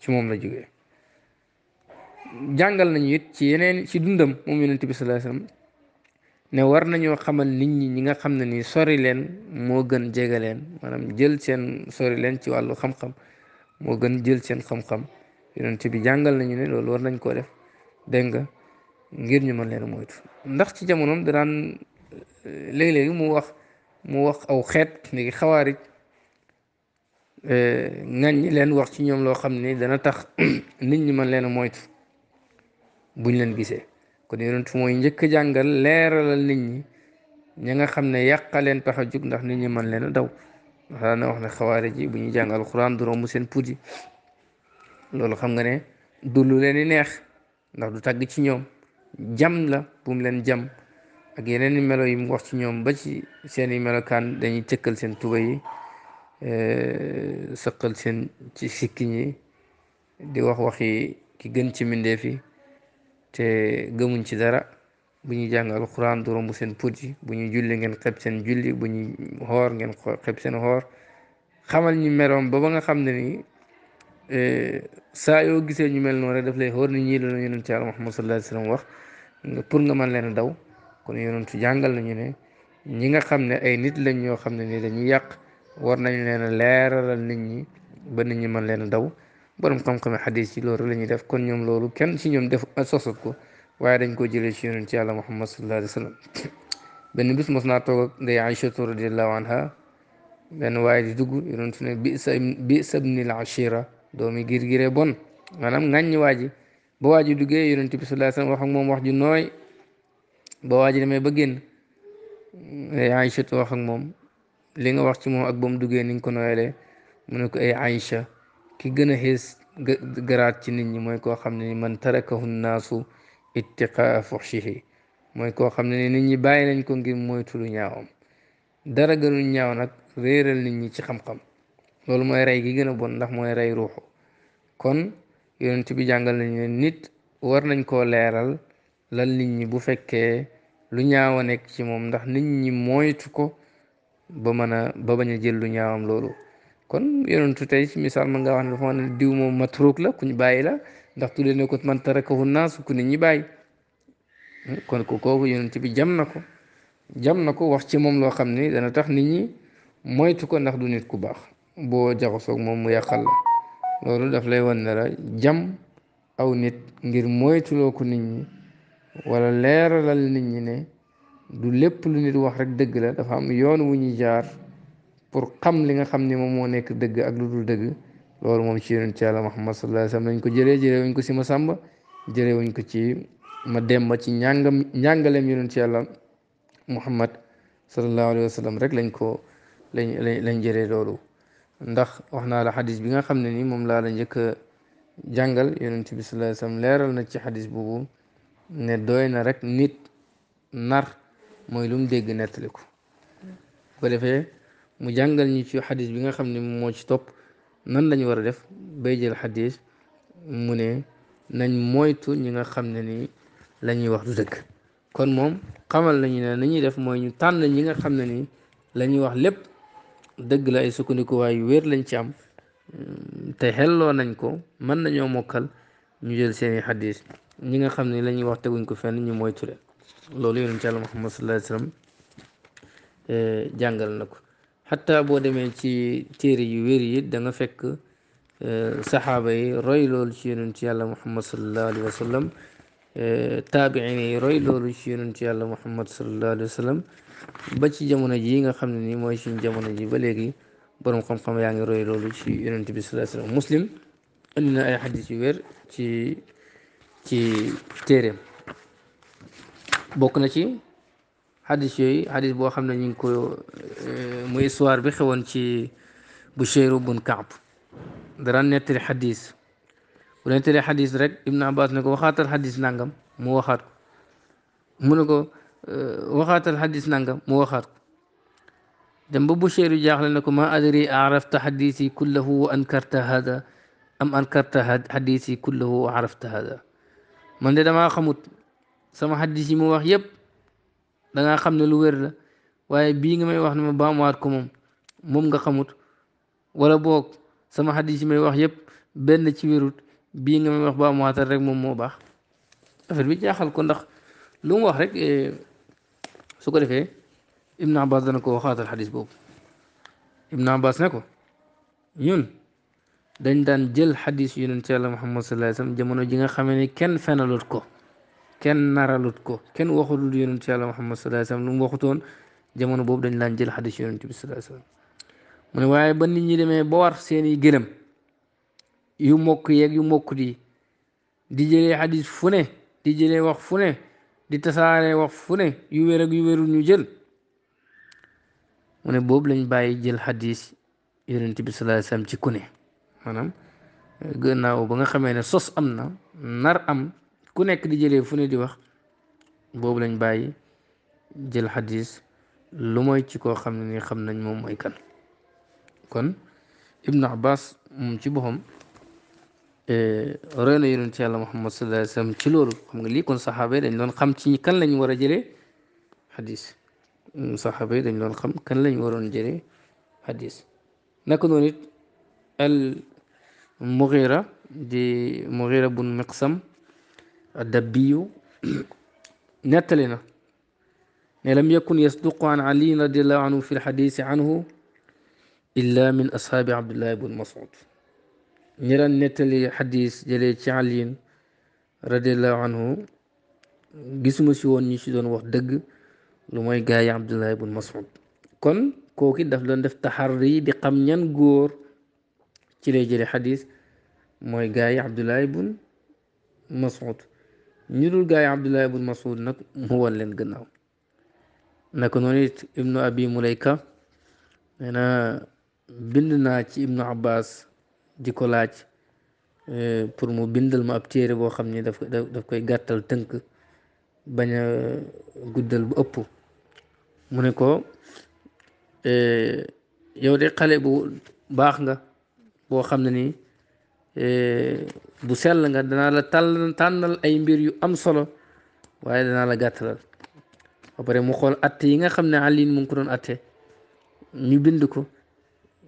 ci moom la jógee jàngal nañu it ci yeneen ci dundam moom yonent bi sallallahu alayhi wasallam ne war nañoo xamal nit ñi ñi nga xam ne nii sori leen moo gën jege leen maanaam jël seen sori leen ci wàllu xam-xam moo gën jël seen xam-xam yonent bi jàngal nañu ne loolu war nañ koo def dégg nga ngir ñu mën leen moytu ndax ci jamonoom daan léegi-léegi mu wax mu wax aw xeet léegi xawaarij ŋàññi euh, leen wax ci ñoom loo xam ni dana tax nit ñi mën leen a moytu buñ leen gisee kon yonent mooy njëkk jàngal leeralal nit ñi ñi nga xam ne yàqa leen tax a jug ndax nit ñi mën leen a daw waxaa na wax ne xawaarij bu ñuy jàng alxuraan du romb seen put loolu xam nga ne du lu leen i neex ndax du tagg ci ñoom jam la bu mu leen jam ak yeneen i melo yi mu wax ci ñoom ba ci seeni i melokaan dañuy tëkkal seen tuba yi eh, sëqal seen ci sikkiñ yi di wax waxi ki gën ci mbindeef yi te gëmuñ ci dara bu ñuy jàng alxuraan du romb seen put yi bu ñuy julli ngeen xeb seen julli bu ñuy xoor ngeen xeb seen xoor xamal ñu meroom ba ba nga xam ne ni eh, saa yoo gisee ñu mel noonu rek daf lay xoor ni ñii la yonent Yàlla Muhammad sallallahu alayhi wa wax pour nga mën leen a daw kon yonentu jàngal ñu ne ñi nga xam ne ay nit lañ ñoo xam ne ni dañuy yàq war nañ leen a leeralal nit ñi ba nit ñi mën leen daw borom xam-xame xadis ci loolu la ñuy def kon ñoom loolu kenn ci ñoom def sosut ko waaye dañ ko jëlee ci yonent ci yàlla muhammad sallallahu alayhi wa sallam benn mos naa toog ak ndey aïchatu radiallahu anha benn waaye di dugg yonentu ne bi sa bi sabnil achira doomi giir-giree bon maanaam ŋàññ waa ba waa duggee yonent bi ba waa ji demee ba génn Aïcha wax ak moom li nga wax ci moom ak ba mu duggee ni nga ko nooyalee mu ne ko ay Aïcha ki gën a xees garaat ci nit ñi mooy koo xam ne ni man it naasu ittiqaa fuxshihi mooy koo xam ne ni nit ñi bàyyi nañ ko ngir moytu lu ñaawam dara gënul ñaaw nag réeral nit ñi ci xam-xam loolu mooy rey gi gën a bon ndax mooy rey ruuxu kon yonent bi jàngal nañu nit war nañ koo leeral lan nit ñi bu fekkee lu ñaawa nekk ci moom ndax nit ñi moytu ko ba mën a ba bañ a jël lu ñaawam loolu kon yonentu tey ci misaal ma nga wax ne dafa diw moom matruk la ku ñu bàyyi la ndax tuddee ne ko man tarakahu naas ku nit ñi bàyyi kon ko kooku ci bi jam na ko jam na ko wax ci moom loo xam ni dana tax nit ñi moytu ko ndax du nit ku baax boo jaxasoog moom mu yàqal la loolu daf lay wan ne la jam aw nit ngir moytuloo ko nit ñi wala leeralal nañ ñi ne du lépp lu nit wax rek dëgg la dafa am yoon wu ñuy jaar pour xam li nga xam ni moom moo nekk dëgg ak lu dul dëgg loolu moom ci yonent ci yàlla Muhammad sallallahu alayhi wa lañ ko jëlee jëlee wuñ ko si ma sàmba jëlee wuñ ko ci ma demba ci ñàngam ñàngaleem yonent ci yàlla Muhammad sallallahu alayhi rek lañ ko lañ lañ lañ jëlee loolu ndax wax naa la xadis bi nga xam ne nii moom laa la njëkk a jàngal yonent bi sallallahu alayhi leeral na ci xadis boobu ne doy na rek nit nar mooy lu mu dégg nettali ko bu ko defee mu jàngal ñu ci xadis bi nga xam ne moo ci topp nan lañuy war a def bay jël xadis mu ne nañ moytu ñi nga xam ne ni la wax du dëgg kon moom xamal nañu ne ñuy def mooy ñu tànn ñi nga xam ne ni lañuy wax lépp dëgg la ay sukkandikuwaay wéer lañ ci am mm, te xelloo nañ ko mën nañoo mokkal ñu jël seeni xadis ñi nga xam ne la ñuy wax teguñ ko fenn ñu mooy leen loolu yonent Yàlla Muhammad sallallahu alayhi wasallam eh, jàngal na ko xataa boo demee ci téere yu wér yi da nga fekk eh, saxaaba yi roy loolu ci yonent Yàlla Muhammad sallallahu alayhi wasallam eh, taabiin yi roy loolu ci yonent Yàlla Muhammad sallallahu alayhi wasallam ba ci jamono ji nga xam ne nii mooy suñ jamono ji ba léegi borom xam-xam yaa ngi roy loolu ci yonent bi sallallahu alayhi wasallam muslim indi na ay xadis yu wér ci téré bokk na ci hadith yi hadith bo xamna ñing ko muy histoire bi xewon ci Bushayr bun Kaab dara netti hadith bu netti hadith rek Ibn Abbas nako ko hadith nangam mu waxat ko mu nako ko hadith nangam mu waxat ko dem bu Bushayr jaaxle nako ma adri arafta xadisi kullahu wa ankarta hada am ankarta hadithi kullahu wa arafta hada man de damaa xamut sama xaddis yi mu wax yépp dangaa xam ne lu wér la waaye bii nga may wax ne ma baamuwaat ko moom moom nga xamut wala boog sama xaddis yi may wax yépp benn ci wérut bii nga may wax baamuwaatal rek moom moo baax affaire bi jaaxal ko ndax lu mu wax rek su ko defee Ibn Abbas dana ko waxaatal hadis boobu Ibn Abbas ne ko ñun dañ daan jël xadis yonent ci yàlla muhammad sallallahu alayhi wa sallam jamono ji nga xamee ne kenn fenalut ko kenn naralut ko kenn waxulul yonent ci yàlla muhammad sallallahu alayhi wa sallam lu mu waxutoon jamono boobu dañ daan jël xadis yonent bi sallallahu alayhi wa sallam mu ne waaye ba nit ñi demee ba war seeni gëlëm yu mokk yeeg yu mokk di di jëlee xadis fu ne di jëlee wax fu ne di tasaare wax fu ne yu wér ak yu wérul ñu jël mu ne boobu lañ bàyyi jël xadis yonent bi sallallahu alayhi wa sallam ci ku ne manam gënaaw ba nga xamee ne sos am na nar am ku nekk di jëlee fu ne di wax boobu lañ bàyyi jël xadis lu moy ci koo xam ne ni xam nañ moom mooy kan kon ibn abbas moom ci boppam roy na yonent ci yàlla muhammad sallallahu alayhi wasallam ci loolu xam nga lii kon saxaaba yi dañ doon xam ci kan lañ war a jëlee xadis saxaaba yi dañ doon xam kan lañ waroon jëlee xadis naka noonu it al مغيرة دي مغيرة بن مقسم الدبي نتلنا لم يكن يصدق عن علي رضي الله عنه في الحديث عنه إلا من أصحاب عبد الله بن مسعود نرى نتلي حديث جلي علي رضي الله عنه جسم si woon ñu si doon عبد الله بن مسعود كون كوكي دفلون bun masud kon kooki ci lay jële xadis mooy gaa yi abdullah ibn masud ñu dul gaa yi abdullah ibn nag mu woon leen gannaaw naka noonu ibnu abi mulayka nee bind naa ci ibnu abbas di ko laaj eh, pour mu bindal ma ab téere boo xam ne daf daf koy gàttal tënk bañ a guddal bu ëpp mu ne ko eh, yow de xale bu baax nga boo xam ne ni e, bu sell nga danaa la tàll tànnal ay mbir yu am solo waaye danaa la gàttalal ba pare mu xool atte yi nga xam ne Alioune mu ngi ko doon atte ñu bind ko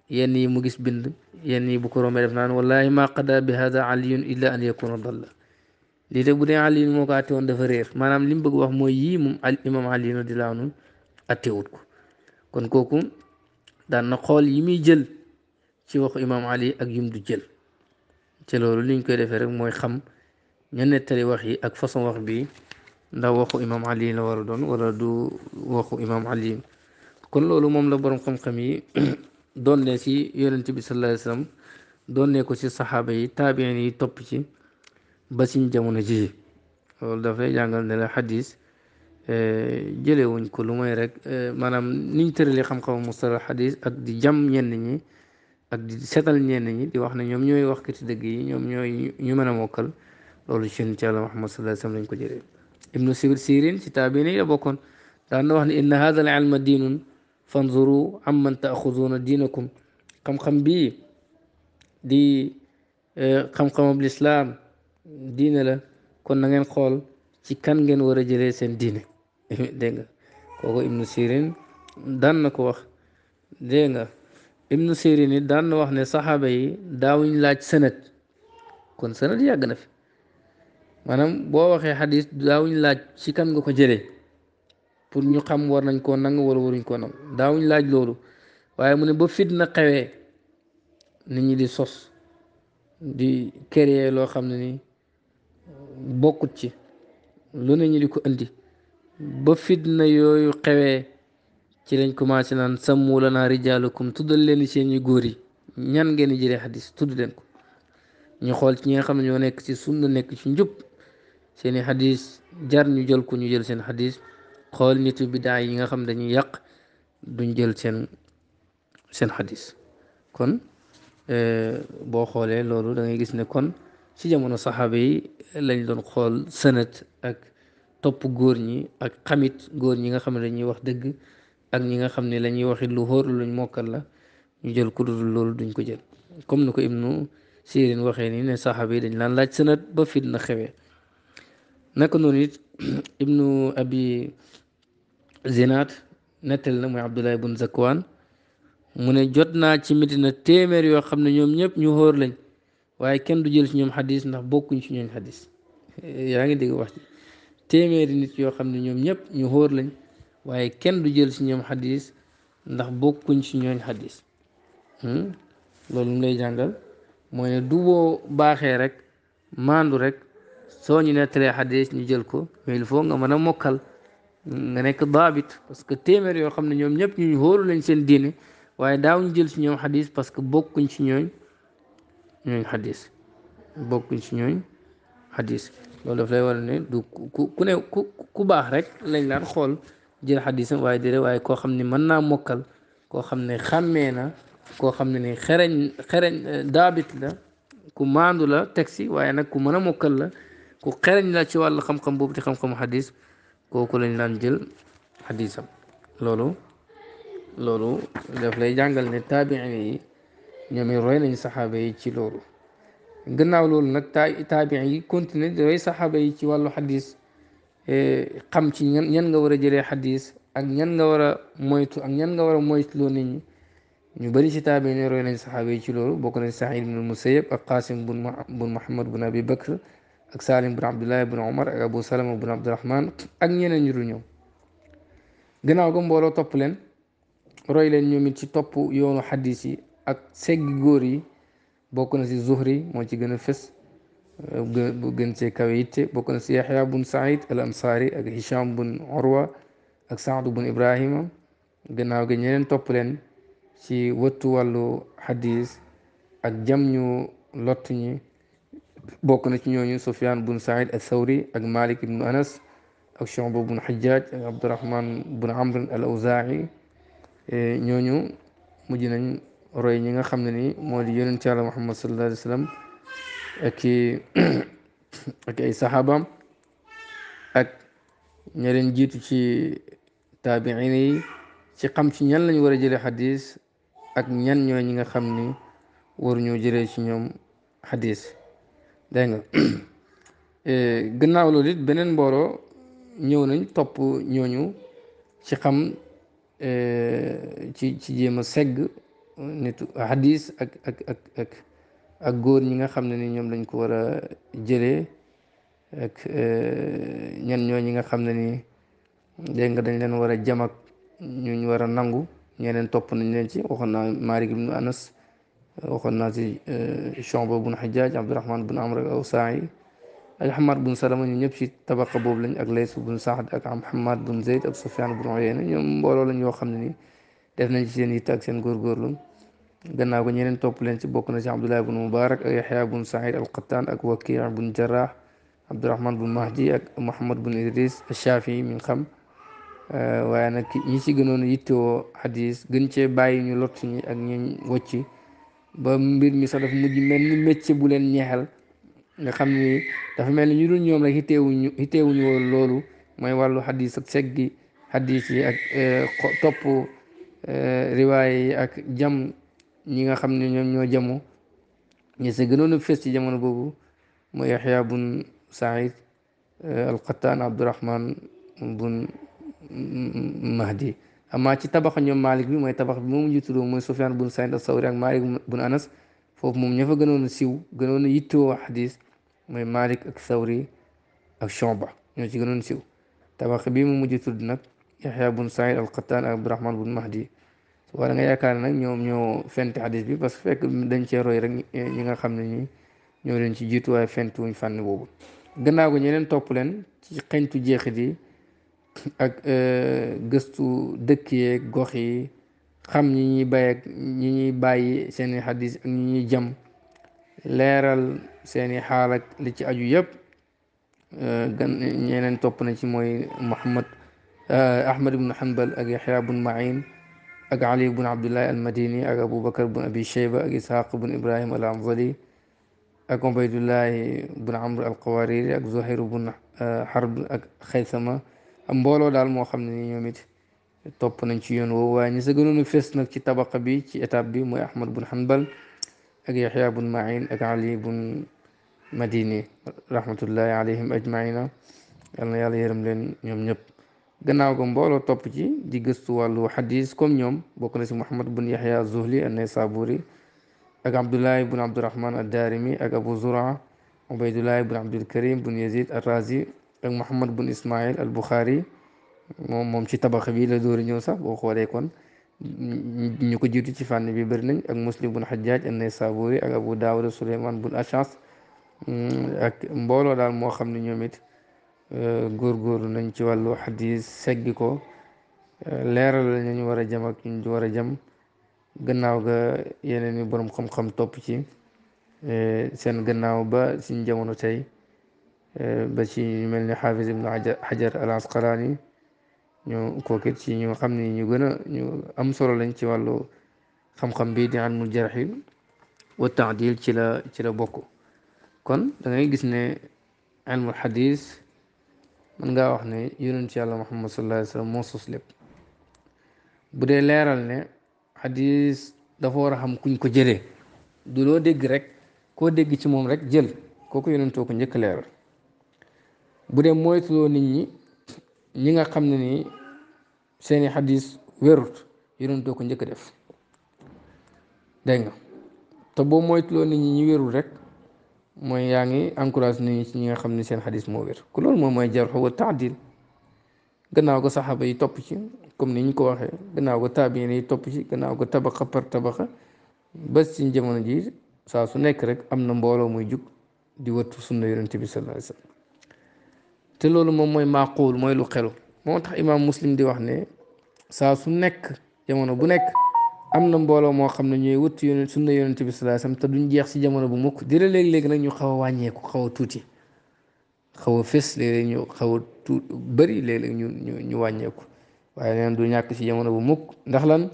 yenn yi mu gis bind yenn yi bu ko rombee def naan wallahi ma qada bi hada Alioune illa an yakuna dalla lii de bu dee Alioune moo ko atte woon dafa réer maanaam li mu bëgg wax mooy yii moom al imam Alioune di laanu attewut ko kon kooku daan na xool yi jël. ci waxu imam ali ak yum du jël ci lolu liñ koy defee rek moy xam ña nettali wax yi ak façon wax bi nda waxu imam ali la war a doon wala du waxu imam ali kon lolu mom la borom xam-xam yi doon ne ci yaronte bi sallallahu alayhi wasallam doon ne ko ci sahaba yi tabi'in yi top ci ba siñ jamono ji loolu dafay jàngal ne la jëlé wuñ ko lu rek manam niñ tëralee xam mustalah hadith ak di jam ñen ñi ak di setal ñenn ñi di wax na ñoom ñooy wax kati dëgg yi ñoom ñooy ñu mën a mokkal loolu ci yonent Yàlla Muhammad sallallahu alayhi wasallam lañ ko jëlee ibnu sirin ci taabiin yi la bokkoon daan na wax ne inna haadal ilma diinun fanzuru amman taaxuduuna diinakum xam-xam bii di eh, xam-xamab lislaam diine la kon na ngeen xool ci kan ngeen war a jëlee seen diine dégg nga kooku ibnu sirin daan na ko wax dégg nga ibnu sirin ni daan na wax ne saxaaba yi daawuñ laaj sanad kon sanad yàgg na fi maanaam boo waxee xadis daawuñ laaj ci kan nga ko jëlee pour ñu xam war nañ koo nangu wala waruñ koo nangu daawuñ laaj loolu waaye mu ne ba fitna xewee nit ñi di sos di créer loo xam ne ni bokkut ci lu ne ñu di ko indi ba fitna yooyu xewee ci lañ commencé naan sammu lanaa rijaalakum tuddal leen seen yu góor yi ñan ngeen jëlee xadis tudd leen ko ñu xool ci ñi nga xam ne ñoo nekk ci sunna nekk ci njub seen i xadis jar ñu jël ko ñu jël seen xadis xool nitu bidaa yi nga xam dañuy yàq duñ jël seen seen xadis kon euh, boo xoolee loolu da ngay gis ne kon ci jamono saxaaba yi lañ doon xool sënat ak topp góor ñi ak xamit góor ñi nga xam ne dañuy wax dëgg ak ñi nga xam ne la ñuy waxi lu xóor luñ mokkal la ñu jël ku dul loolu duñ ko jël comme ni ko ibnu sirin waxee ni ne saxaaba yi dañ laan laaj sanat ba fitna xewee naka noonu it ibnu abi zinat nettal na mooy abdullah ibn zakwan mu ne jot naa ci Medina téeméer yoo xam ne ñoom ñëpp ñu xóor lañ waaye kenn du jël ci ñoom xadis ndax bokkuñ ci ñooñ xadis yaa ngi dégg wax ci téeméeri nit yoo xam ne ñoom ñëpp ñu xóor lañ waaye kenn du jël si ñoom xadis ndax bokkuñ si ñooñ xadis hmm? loolu mu jàngal mooy du boo baaxee rek maandu rek soo ñu nettalee xadis ñu jël ko mais il faut nga mën a mokkal nga nekk daabit parce que téeméer yoo xam ne ñoom ñëpp ñu hóoru lañ seen diine waaye daawuñ jël si ñoom xadis parce que bokkuñ si ñooñ ñooñ bokkuñ si ñooñ xadis loolu daf lay war ne du ku ku ne ku baax rek lañ laan xool jël xadisam waaye déedéet waaye koo xam ne mën naa mokkal koo xam ne xàmmee na koo xam ne ni xereñ xereñ daabit la ku maandu la tegsi waaye nag ku mën a mokkal la ku xereñ la ci wàllu xam-xam boobu ti xam-xamu xadis kooku lañ daan jël xadisam loolu loolu daf lay jàngal ne taabiin yi ñoom it roy nañ saxaaba yi ci loolu gannaaw loolu nag taabiin yi continuer di roy saxaaba yi ci wàllu xadis xam ci ñan ñan nga war a jëlee xadis ak ñan nga war a moytu ak ñan nga war a moytu loo nit ñu bëri ci taabi ne roy nañ saxaaba ci loolu bokk nañ Saïd ibn Musayyab ak Qasim bun Muhammad bun Abi Bakr ak Salim bun Abdullah bun ak Abu Salama bun Abdurahman ak ñeneen ñu du ñëw gannaaw ga mbooloo topp leen roy leen ñoom it ci topp yoonu xadis ak seggi góor yi bokk na ci Zuhri moo ci gën a fës bu gën cee kawe bokk na si yaxya bun said al ansaari ak hisham bun urwa ak saadu bun ibrahima gannaaw ga ñeneen topp leen ci wëttu wàllu xadis ak jam ñu lott ñi bokk na ci ñooñu sufyan bun said al thawri ak malik ibnu anas ak shuba bun xajjaaj ak abdurahman bun amr al awzaa'i e, ñooñu mujj nañ roy ñi nga xam ne ni moo di yonent yàlla muhammad sallallahu alayhi wa sallam ak i ak ay saxaabaam ak ña leen jiitu ci taabiin yi ci xam ci ñan lañu war a jëlee xadiis ak ñan ñooy ñi nga xam ni waruñoo jëlee ci ñoom xadiis dégg nga eh, gannaaw loolu it beneen mbooloo ñëw nañ topp ñooñu ci xam eh, ci ci jéem a segg nitu xadis ak ak ak ak góor ñi nga xam ne ni ñoom lañu ko war a jëlee ak euh, ñen ñoo ñi nga xam ne ni dégg nga dañ leen war a jam ak ñu ñu war a nangu ñeneen topp nañ leen ci waxoon naa Maalik ibnu Anas waxoon naa ci euh, Shu'ba bun Hajjaaj Abdurahman bun Amr al-Awzaa'i ak Hammaad bun Salama ñu ñëpp ci tabaqa boob lañ ak Lays bun Sa'd ak Hammaad bun Zayd ak Sufyaan bun Uyayna ñoom mbooloo lañu yoo xam ne ni def nañ ci seen yitt ak seen góorgóorlu gannaaw ko ñeneen topp leen ci bokk na ci abdullah bun mubarak ak yaxya bun said alqattaan ak waki bun jarah abdurahman bun mahdi ak mohamad bun idris shafii min xam euh, waaye nag ñi ci gënoon yittewoo hadis gën cee bàyyi ñu lott ñi ak ñu wocci ba mbir mi sax dafa mujj mel ni bu leen ñeexal nga xam ni dafa mel ni ñu dul ñoom rek hitteewuñu hitteewuñu loolu mooy wàllu hadis ak seggi hadis yi ak euh, topp euh, riwaay ak jam ñi nga xam ne ñoom ñoo jamoo ñi sa gënoon a fees ci jamono boobu mooy yaxya bun saïd alqattaan abdurahman bun mahdi amaa ci tabax ñoom malik bi mooy tabax bi moom ñu tuddoo mooy sofiane bun said al as-sawri ak malik bun anas foofu moom ñafa fa gënoon a siiw gënoon a yittewoo mooy malik ak sawri ak chomba ñoo ci gënoon siw tabax bi mu mujj tudd nag yaxya bun saïd alqattaan abdurahman bun mahdi wala nga yaakaar nag ñoom ñoo fenti xadis bi parce que fekk dañ cee roy rek ñi nga xam ne ñi ñoo leen ci jiitu waaye fentuwuñ fànn boobu gannaaw gi ñeneen topp leen ci xeñtu jeexit yi ak euh, gëstu dëkk yeeg gox yi xam ñi ñuy bàyyi ak ñi ñuy bàyyi seeni xadis ak ñi ñuy jam leeral seeni xaal ak li ci aju yëpp euh, gan ñeneen topp na ci mooy Muhammad euh, Ahmad ibn Hanbal ak Yaxya bun Ma'in ak ali bun abdullahi almadini ak aboubacar bun abi sheyba ak ishaq bun ibrahim al anzali ak ubaydullahi bun amr al qawariri ak zohairu bun eh, harb ak xaysama am mbooloo daal moo xam ne ni ñoom it topp nañ ci yoon woowu waaye ñi sa gënoon a fees nag ci tabaqa bi ci étape bi mooy ahmad bun hanbal ak yaxya bun maïn ak ali bun madini rahmatullahi alayhim ajmaina yal na yàlla yërëm leen ñoom ñëpp gannaaw ko mbooloo topp ci di gëstu wàllu xadis comme ñoom bokk na si Muhammad bun Yaxya Zuhli an-Naysaburi ak Abdullahi bun Abdurahman ad-Darimi ak Abu Zura Ubaydullahi bun Abdul Karim bun Yazid ar-Razi ak Muhammad bun Ismail al-Bukhari moom moom ci tabax bi la dóori ñëw sax boo xoolee kon ñu ko jiitu ci fànn bi bëri nañ ak Muslim bun Hajjaj an-Naysaburi ak Abu Dawud Suleyman bun Ashas mm, ak mbooloo daal moo xam ne ñoom it góorgóorlu nañ ci wàllu xadis seggi ko leeral nañ war a jëm ak ñu war a jëm gannaaw ga yeneen i borom xam-xam topp ci e, seen gannaaw ba suñ jamono tey e, ba ci mel ni xaafis ibnu xajar al asqalaani ñu kookit ci ñu xam ni ñu gën a ñu am solo lañ ci wàllu xam-xam bii di an mu jarxi wa taadil ci la ci la bokk kon da ngay gis ne ilmul xadis mën ngaa wax ne yonent yàlla muhammad sallallahu alayhi wasallam moo sos lépp bu dee leeral ne xadis dafa war a xam kuñ ko jëlee du loo dégg rek koo dégg ci moom rek jël kooku yonentoo ko njëkk leeral bu dee moytuloo nit ñi ñi nga xam ne nii seeni xadis wérut yonentoo ko njëkk def dégg nga te boo moytuloo nit ñi ñu wérul rek mooy yaa ngi encourage ni ñi ci ñi nga xam ne seen xadis moo wér ku loolu moom mooy jarxu wa taadil gannaaw ko saxaaba yi topp ci comme ni ñu ko waxee gannaaw ko taabiin yi topp ci gannaaw ko tabaxa par tabaxa ba ci jamono ji saa su nekk rek am na mbooloo muy jug di wattu sunna yonente bi sallallahu alayhi wasallam te loolu moom mooy maaquul mooy lu xelu moo tax imaam muslim di wax ne saa su nekk jamono bu nekk amna mbolo mo xamne xam wut yoon sunna yonent bi sallallahu alayhi wasallam ta duñ jeex ci jamono bu mukk di leg leg nak ñu xawa wañé ko xawa tuti xawa fess leg leg ñu xawa tu tuut bëri ñu ñu ñu wàññeeku waaye neen du ñàkk si jamono bu mukk ndax lan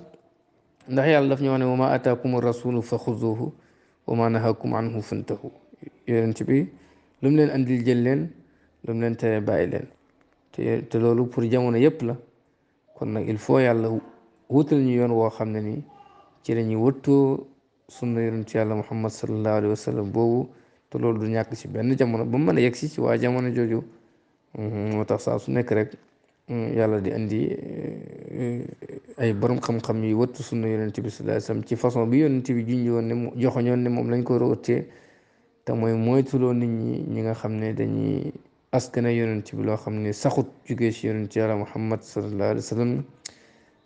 ndax yàlla daf ñu wax ne wa ma fa xuzuhu wa nahakum anhu fantahu yonent bi lu leen andil jël leen lu leen tere bàyyi leen te te loolu pour jamono yépp la kon nag il faut yàlla wutal ñu yoon woo xam ne ni ci la ñuy wëttoo sunna yonent la muhammad sallallahu alayhi wa sallam boobu te loolu du ñàkk ci benn jamono ba mu mën a yegg si ci waa jamono jooju mm-hmm. moo tax saa su nekk rek mm, yàlla di andi eh, ay borom xam-xam yi wëttu sunna tibi bi sallallahu alayhi wa sallam ci façon bi yonent bi junjoon ne joxoñoon ne moom lañ ko rootee te mooy moytuloo nit ñi ñi nga xam ne dañuy askana yonent bi loo xam ne saxut jugee ci yonent yàlla muhammad sallallahu alayhi wa sallam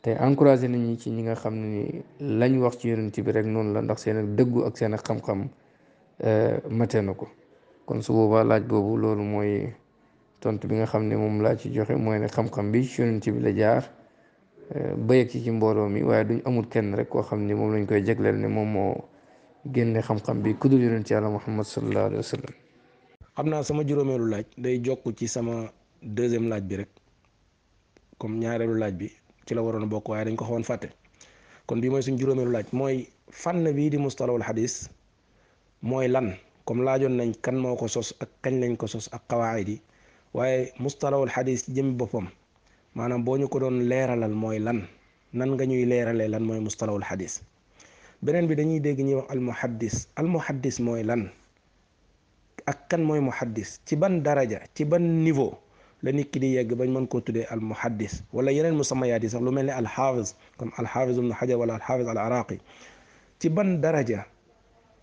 te encouragé nañu ci ñi nga xam ni lañu wax ci yonent bi rek noonu la ndax seen dëggu ak seen xam-xam euh, mate na ko kon su boobaa laaj boobu loolu mooy tontu bi nga xam ni moom laa ci joxe mooy ne xam-xam bi ci la jaar euh, béyek ci ci mbooloo mi waaye duñ amul kenn rek koo xam ne moom lañ koy jagleel ne moom moo génne xam-xam bi ku dul yonent yàlla muhammad sallallahu alayhi wa sallam xam naa sama juróomeelu laaj day jokk ci sama deuxième laaj bi rek comme ñaareelu laaj bi ci la waroon bokk waaye dañ ko xawoon fàtte kon bii mooy suñ juróomeelu laaj mooy fànn bii di mustalawul xadis mooy lan comme laajoon nañ kan moo ko sos ak kañ lañ ko sos ak xawaayid yi waaye mustalawul xadis ci boppam maanaam boo ñu ko doon leeralal mooy lan nan nga ñuy leeralee lan mooy mustalawul xadis beneen bi dañuy dégg ñuy wax almuhaddis almuhaddis mooy lan ak kan mooy muhaddis ci ban daraja ci ban niveau la nit ki di yegg bañ mën ko tuddee al muhaddis wala yeneen musamayaat yi sax lu mel ne al xaafis comme al xaafis ibnu xajar wala al xaafis al araqi ci ban daraja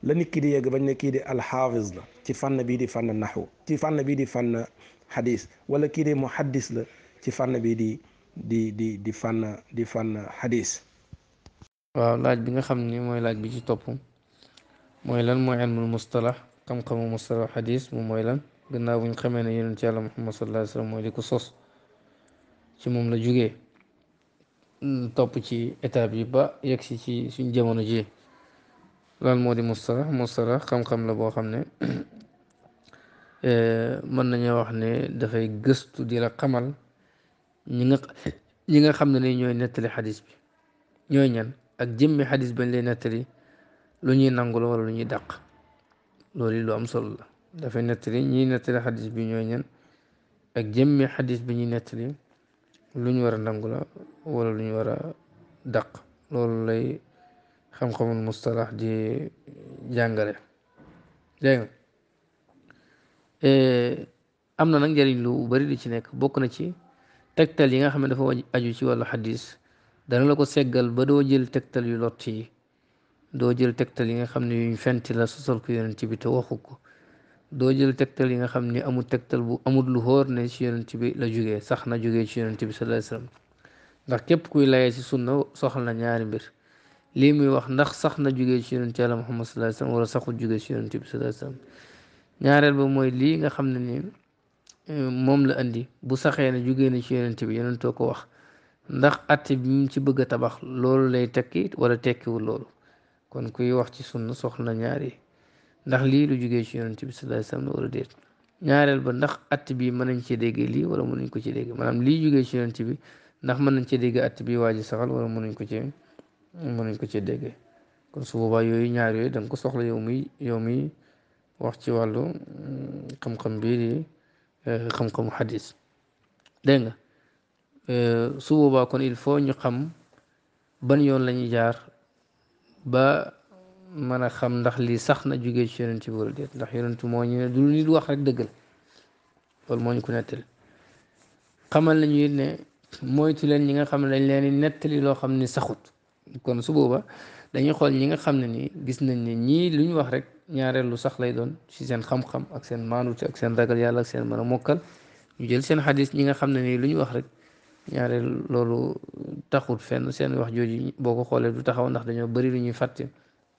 la nit ki di yegg bañ ne kii di al xaafis la ci fànn bii di fànn naxu ci fànn bii di fànn xadis wala kii di muhaddis la ci fànn bii di di di di fànn di fànn xadis waaw laaj bi nga xam ni mooy laaj bi ci topp mooy lan mooy ilmul mustalax xam-xamu mustalax xadis moom mooy lan gannaaw buñ xamee ne yonent yàlla muhammad sallallahu alayhi wa sos ci moom la jugee mm, topp ci étape yi ba yegg si ci suñ jamono ji loolu moo di mustala mustala xam-xam la boo xam ne eh, mën nañoo wax ne dafay gëstu di la xamal ñi nga nga xam ne ne ñooy nettali xadis bi ñooy ñan ak jëmmi xadis bañ lay nettali lu ñuy nangu la wala lu ñuy dàq loolu lu am solo la dafay nettali ñiy nettali xadis bi ñooy ñan ak jëmmi xadis bi ñuy nettali lu ñu war a nangu la wala lu ñu war a dàq loolu lay xam-xamul mustalax di jàngale dégg nga e, am na nag njëriñ lu bari li ci nekk bokk na ci tegtal yi nga xam ne dafa aju ci wàllu xadis dana la ko seggal ba doo jël tegtal yu lott yi doo jël tegtal yi nga xam ne yuñ fenti la sosal ko yonent bi te ko doo jël tegtal yi nga xam ni amul tegtal bu amut lu hóor ne ci yonent bi la jógee sax na jógee ci yonent bi sallallahu alayhi wasallam ndax képp kuy layee ci sunna soxal na ñaari mbir lii muy wax ndax sax na jógee ci yonent yàlla Muhammad sallallahu wala saxul jógee ci yonent bi sallallahu alayhi ñaareel ba mooy lii nga xam ne ni eh, moom la andi bu saxee ne jógee na ci yonent bi yonentoo ko wax ndax atte bi mu ci bëgg a tabax loolu lay tekki wala tekkiwul loolu kon kuy wax ci sunna soxla na ñaari ndax lii lu jugee ci yonent bi sallallahu alayhi wasallam wala déet ñaareel ba ndax att bi mën nañ ci dégg lii wala mënuñ ko ci dégg maanaam lii jugee ci yonent bi ndax mën nañ ci dégg att bi waa ji saxal wala mënuñ ko ci mënuñ ko ci dégg kon su yooyu ñaar yooyu da nga ko soxla yow mi yow mi ci wàllu mm, xam-xam bii di eh, xam-xamu xadis dégg eh, kon il faut ñu xam ban yoon la jaar ba mën a xam ndax lii sax na jógee ci yonent bi wala déet ndax yonent moo ñu ne du lu nit wax rek dëgg la loolu moo ñu ko nettali xamal nañu it ne moytu leen ñi nga xam ne dañ leen di loo xam ni saxut kon su booba dañuy xool ñi nga xam ne ni gis nañ ne ñii lu ñu wax rek ñaareelu sax lay doon ci seen xam-xam ak seen maanute ak seen ragal yàlla ak seen mën a mokkal ñu jël seen xadis ñi nga xam ne nii lu ñu wax rek ñaareel loolu taxut fenn seen wax jooju boo ko xoolee du taxaw ndax dañoo bëri lu ñuy fàtte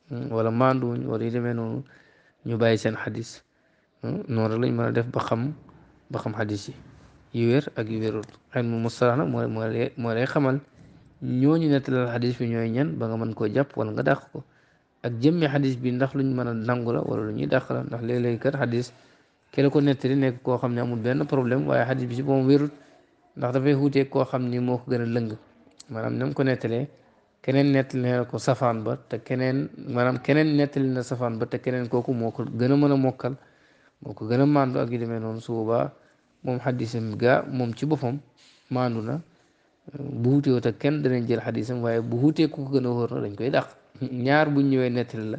Hmm, wala manduwuñ wala yu demee noonu ñu bàyyi seen xadis hmm, noonu rek lañ a def ba xam ba xam xadis yi yu wér ak yu wérul ilmu mustalah nag moo moo lay xamal ñooñu nettalal xadis bi ñooy ñan ba nga mën koo jàpp wala nga dax ko ak jëmmi xadis bi ndax lu ñu mën a nangu la wala lu ñuy dàq la ndax léeg-léeg kat xadis kele ko nekk koo xam ne amul benn problème waaye xadis bi ci moom ndax dafay xuutee koo xam ni moo ko gën a lëng maanaam nam ko nettalee keneen nettali na ko safaan ba te keneen maanaam keneen nettali na safaan ba te keneen kooku moo ko gën a mën a mokkal moo ko gën a maandu ak yu demee noonu su moom xadisam gaa moom ci boppam maandu na bu wuteewut kenn danañ jël xadisam waaye bu wutee ku ko gën a wóor na dañ koy dàq ñaar buñ ñëwee nettali la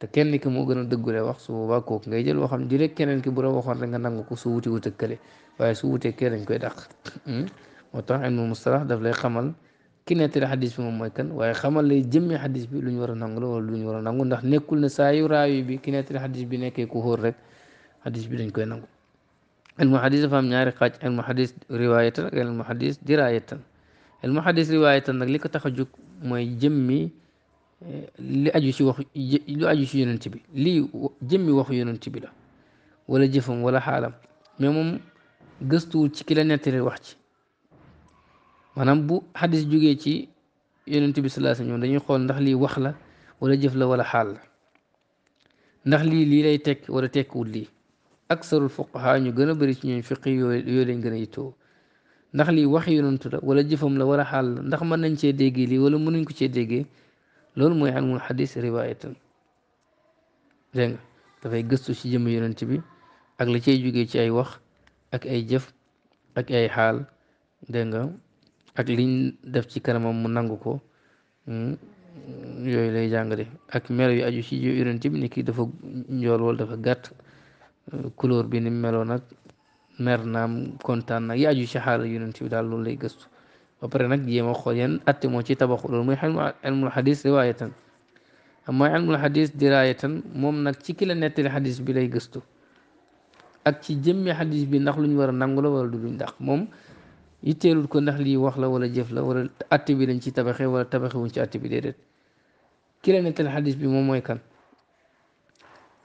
te kenn ki moo gën a dëggule wax su boobaa kooku ngay jël waxam jëlee keneen ki bu la waxoon rek nga nangu ko su wutee wut ak kële waaye su wutee kee dañ koy dàq hmm? moo tax ilmu mustalah daf lay xamal. ki nettali xadis bi moom mooy kan waaye xamal lay jëmmi xadis bi lu ñu war a nangu la lu ñu war a nangu ndax nekkul na saa yu raawi bi ki nettali xadis bi nekkee ku xóor rek xadis bi dañ koy nangu ilmu xadis dafa am ñaari xaaj ilmu xadis riwaayatan ak ilmu xadis diraayatan ilmu xadis riwaayatan nag li ko tax a jóg mooy jëmmi eh, li aju si wax lu aju ci yonent bi lii jëmmi waxu yonent bi la wala jëfam wala xaalam mais moom gëstuwul ci ki la nettali wax ci maanaam bu xadis jógee ci yonent bi sallallahu alayhi wasallam dañuy xool ndax lii wax la wala jëf la wala xaal la ndax lii lii lay tekk wala tekkiwul lii aksarul fuqaha ñu gën a bari ci ñooñ fiqi yooyu yooyu lañ gën a yittoo ndax lii wax yonent la wala jëfam la wala xaal la ndax mën nañ cee déggee lii wala mënuñ ko cee déggee loolu mooy almul xadis riwaayatan dégg nga dafay gëstu ci jëmm yonent bi ak la cay jógee ci ay wax ak ay jëf ak ay xaal dégg nga ak liñ def ci kanamam mu nangu ko hmm, yooyu lay jàngale ak melo yu aju ci yonent bi ni ki dafa njool wala dafa gàtt euh, couleur bi ni meloo nag mer na kontaan na yi aju ci xaal yonent bi daal loolu lay gëstu ba nag jéem a yan atte ci tabaxu mooy ilmul xadis riwaayatan amma nag ci ki bi lay gëstu ak ci jëmmi xadis bi ndax lu ñu war a nangu la wala du luñ dàq moom yitteelul ko ndax lii wax la wala jëf la wala atte bi lañ ci tabaxe wala tabaxe wuñ ci atte bi déedéet ki la nettal xadis bi moom mooy kan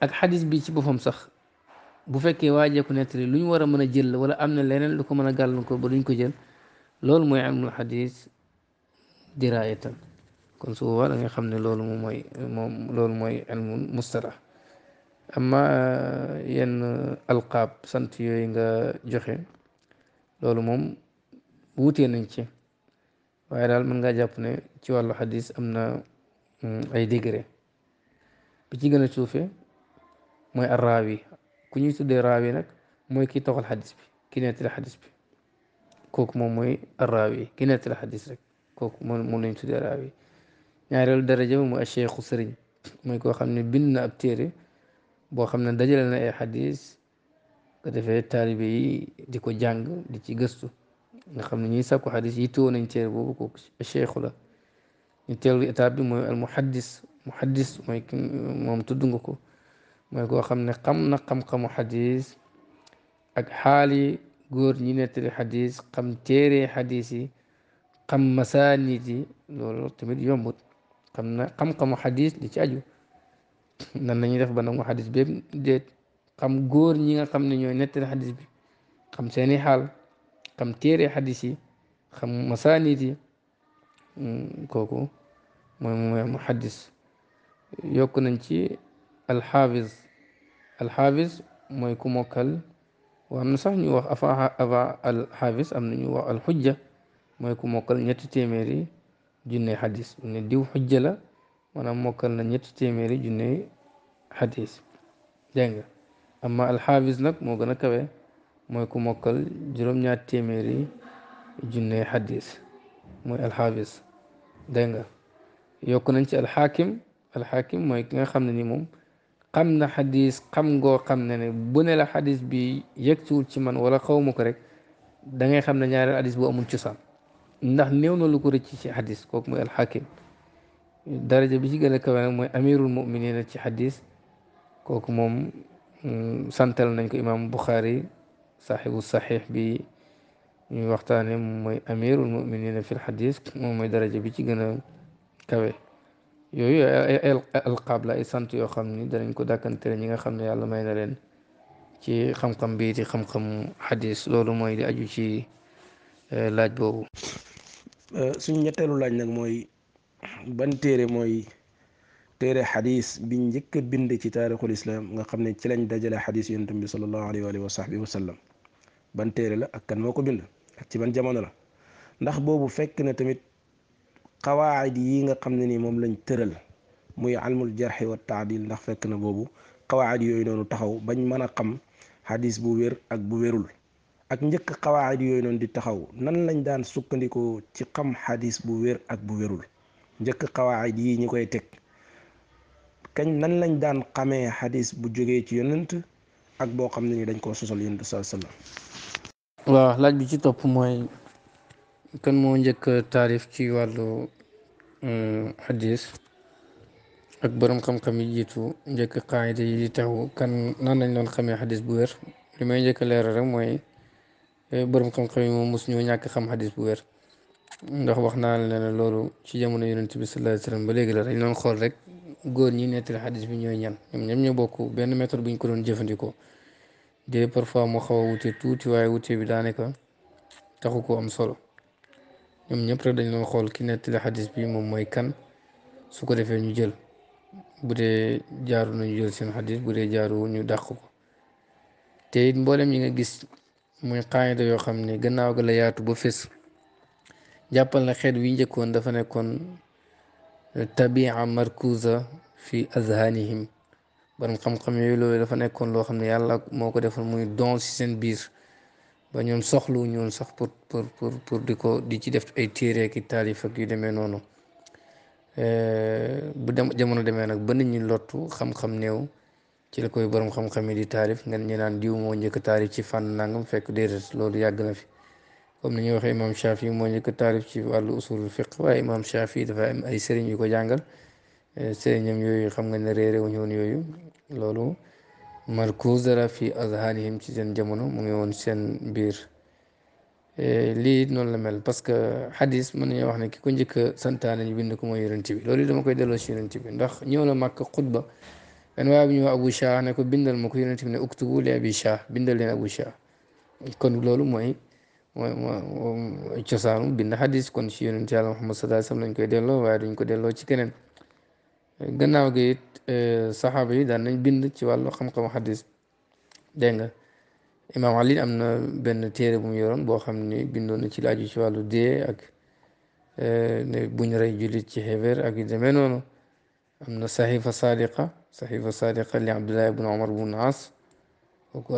ak xadis bi ci boppam sax bu fekkee waajeeku nettali lu ñu war a mën a jël la wala am na leneen lu ko mën a gàllankoor ba duñ ko jël loolu mooy amul xadis diraayatan kon su boobaa da nga xam ne loolu moom mooy moom loolu mooy ilmul mustala amma yenn alqaab sant yooyu nga joxe loolu moom wuutee nañ ci waaye daal mën ngaa jàpp ne ci wàllu xadis am na mm, ay degré bi ci gën a suufee mooy arraawi ku ñuy tuddee raawi nag mooy kii toxal xadis bi ki nettali xadis bi kooku moom mooy arraawi ki nettali xadis rek kooku moom moom tuddee raawi ñaareelu daraja bi mooy cheikhu sëriñ mooy koo xam ne bind na ab téere boo xam ne dajale na ay xadis nga defee taalibe di ko jàng di ci gëstu nga xam ne ñuy sàkku xadis yi tuwoon nañ téere boobu kooku cheikhu la ñetteelu étape bi mooy al muhaddis muhaddis mooy moom tudd nga ko mooy koo xam ne xam na xam-xamu xadis ak xaali góor ñi nettali xadis xam téere xadis yi xam masaanid yi loolu tamit yombut xam na xam-xamu xadis li ci aju nan la ñuy def ba nangu xadis bépp déet xam góor ñi nga xam ne ñooy nettali xadis bi xam seeni xaal xam téere xadis yi xam masaanit yi mm, kooku mooy mooy muhaddis yokk nañ ci alxaafis alxaafis mooy ku mokkal wa na sax ñu wax afa ava alxaafis am na ñu wax alxujja mooy ku mokkal ñetti téeméeri junne xadis ne diw xujja la maanaam mokkal na ñetti téeméeri junne xadis dégg nga amma alxaafis nag moo gën a kawe mooy ku mokkal juróom-ñaar téeméeri junne xadis mooy alxaafis dégg nga yokk nañ ci alxaakim alxaakim mooy ki nga xam ne ni moom xam na xadis xam ngoo xam ne ne bu ne la xadis bi yegg siwul ci man wala xaw ko rek da ngay xam ne ñaar xadis bu amul cosaan ndax néew na lu ko rëcc ci xadis kooku mooy alxaakim bi ci gën a kawe nag mooy amirul muminina ci xadis kooku moom mm, santal nañ ko imam Buxaari saaxibu saxiix bi ñuy waxtaane moom mooy amirul muminina fi lxadis moom mooy daraja bi ci gën a kawe yooyu ay ay sant yoo xam ni danañ ko dàkkantere ñi nga xam ne yàlla may na leen ci xam-xam bii di xam loolu mooy di aju eh, laaj boobu eh, suñ ñetteelu laaj nag mooy ban téere mooy téere xadis bi njëkk a bind ci taarixul islam nga xam ne ci lañ dajale xadis yonent bi sallallahu alayhi wa alihi wa sahbihi ban téere la ak kan moo ko bind ak ci ban jamono la ndax boobu fekk na tamit xawaayid yi nga xam ne ni moom lañ tëral muy almul jarxi wa taadil ndax fekk na boobu xawaayid yooyu noonu taxaw bañ mën a xam xadis bu wér ak bu wérul ak njëkk xawaayid yooyu noonu di taxaw nan lañ daan sukkandikoo ci xam xadis bu wér ak bu wérul njëkk xawaayid yi ñu koy teg kañ nan lañ daan xamee xadiis bu jógee ci yonent ak boo xam ne ni dañ koo sosal yonent sallallahu alayhi wasallam waaw laaj bi ci topp mooy kan moo njëkk taarif ci wàllu xadis euh, ak borom xam-xam yi jiitu njëkk qaayida yi di taxu kan nan nañ doon xamee xadis bu wér li may njëkk leeral rek mooy euh, borom xam-xam yi moom mos ñu ñàkk xam xadis bu wér ndax wax naa la loolu ci jamono yonent bi sallallahu alayhi wasallam ba léegi la dañ doon xool rek góor ñi nettali xadis bi ñooy ñan ñoom ñoom ñoo bokk benn méthode bu ñu ko doon jëfandikoo de parfois mu xaw a wute tuuti waaye wute bi daanaka taxu ko am solo ñoom ñëpp rek dañ doon xool ki nettali xadis bi moom mooy kan su ko defee ñu jël bu dee jaaru nañu jël seen xadis bu dee jaaru ñu daq ko te it mboolem yi nga gis muy xaayida yoo xam ne gannaaw ga la yaatu ba fés jàppal na xeet wi njëkkoon dafa nekkoon tabia markuza fi azhanihim borom xam-xam yooyu loolu dafa nekkoon loo xam ne yàlla moo ko defal muy don si seen biir ba ñoom soxlu ñoon sax pour pour pour pour di ko di ci def ay téere ki taalif ak yu demee noonu eh, bu dem jamono demee nag ba nit ñu lottu xam-xam néew ci la koy borom xam-xam yi di taalif nga ñu naan diw moo njëkk taalif ci fànn nanga mu fekk déedéet loolu yàgg na fi comme ni ñu waxee imaam Shafi moo njëkk taalif ci wàllu usulul fiq waaye imaam Shafi dafa am ay sëriñ yu ko jàngal. sëriñam yooyu xam nga ne réere wuñu woon yooyu loolu markuz dara fi azhanihim ci seen jamono mu ngi woon seen biir e, lii noonu la mel parce que xadis mën nañoo wax ne ki ko njëkk a santaane ñu bind ko mooy yonent bi loolu dama koy delloo si yonent bi ndax ñëw na màkk xutba benn waaye bu ñu wax Abu Shah ko bindal ma ko yonent bi ne uktubu li Abi Shah bindal leen Abu Shah kon loolu mooy mooy cosaanu bind xadis kon si yonent yàlla Muhammad sallallahu alayhi wasallam lañ koy delloo waaye duñ ko delloo ci keneen gannaaw gi it euh, saxaaba yi daan nañ bind ci wàllu xam-xamu xadis dégg imaam Ali am na benn téere bu mu yoroon boo xam ni bindoon na ci laaj laaju ci wàllu dee ak euh, buñ rey jullit ci xever ak yu demee noonu am na saxifa sadiqa saxifa sadiqa li Abdullah bu naas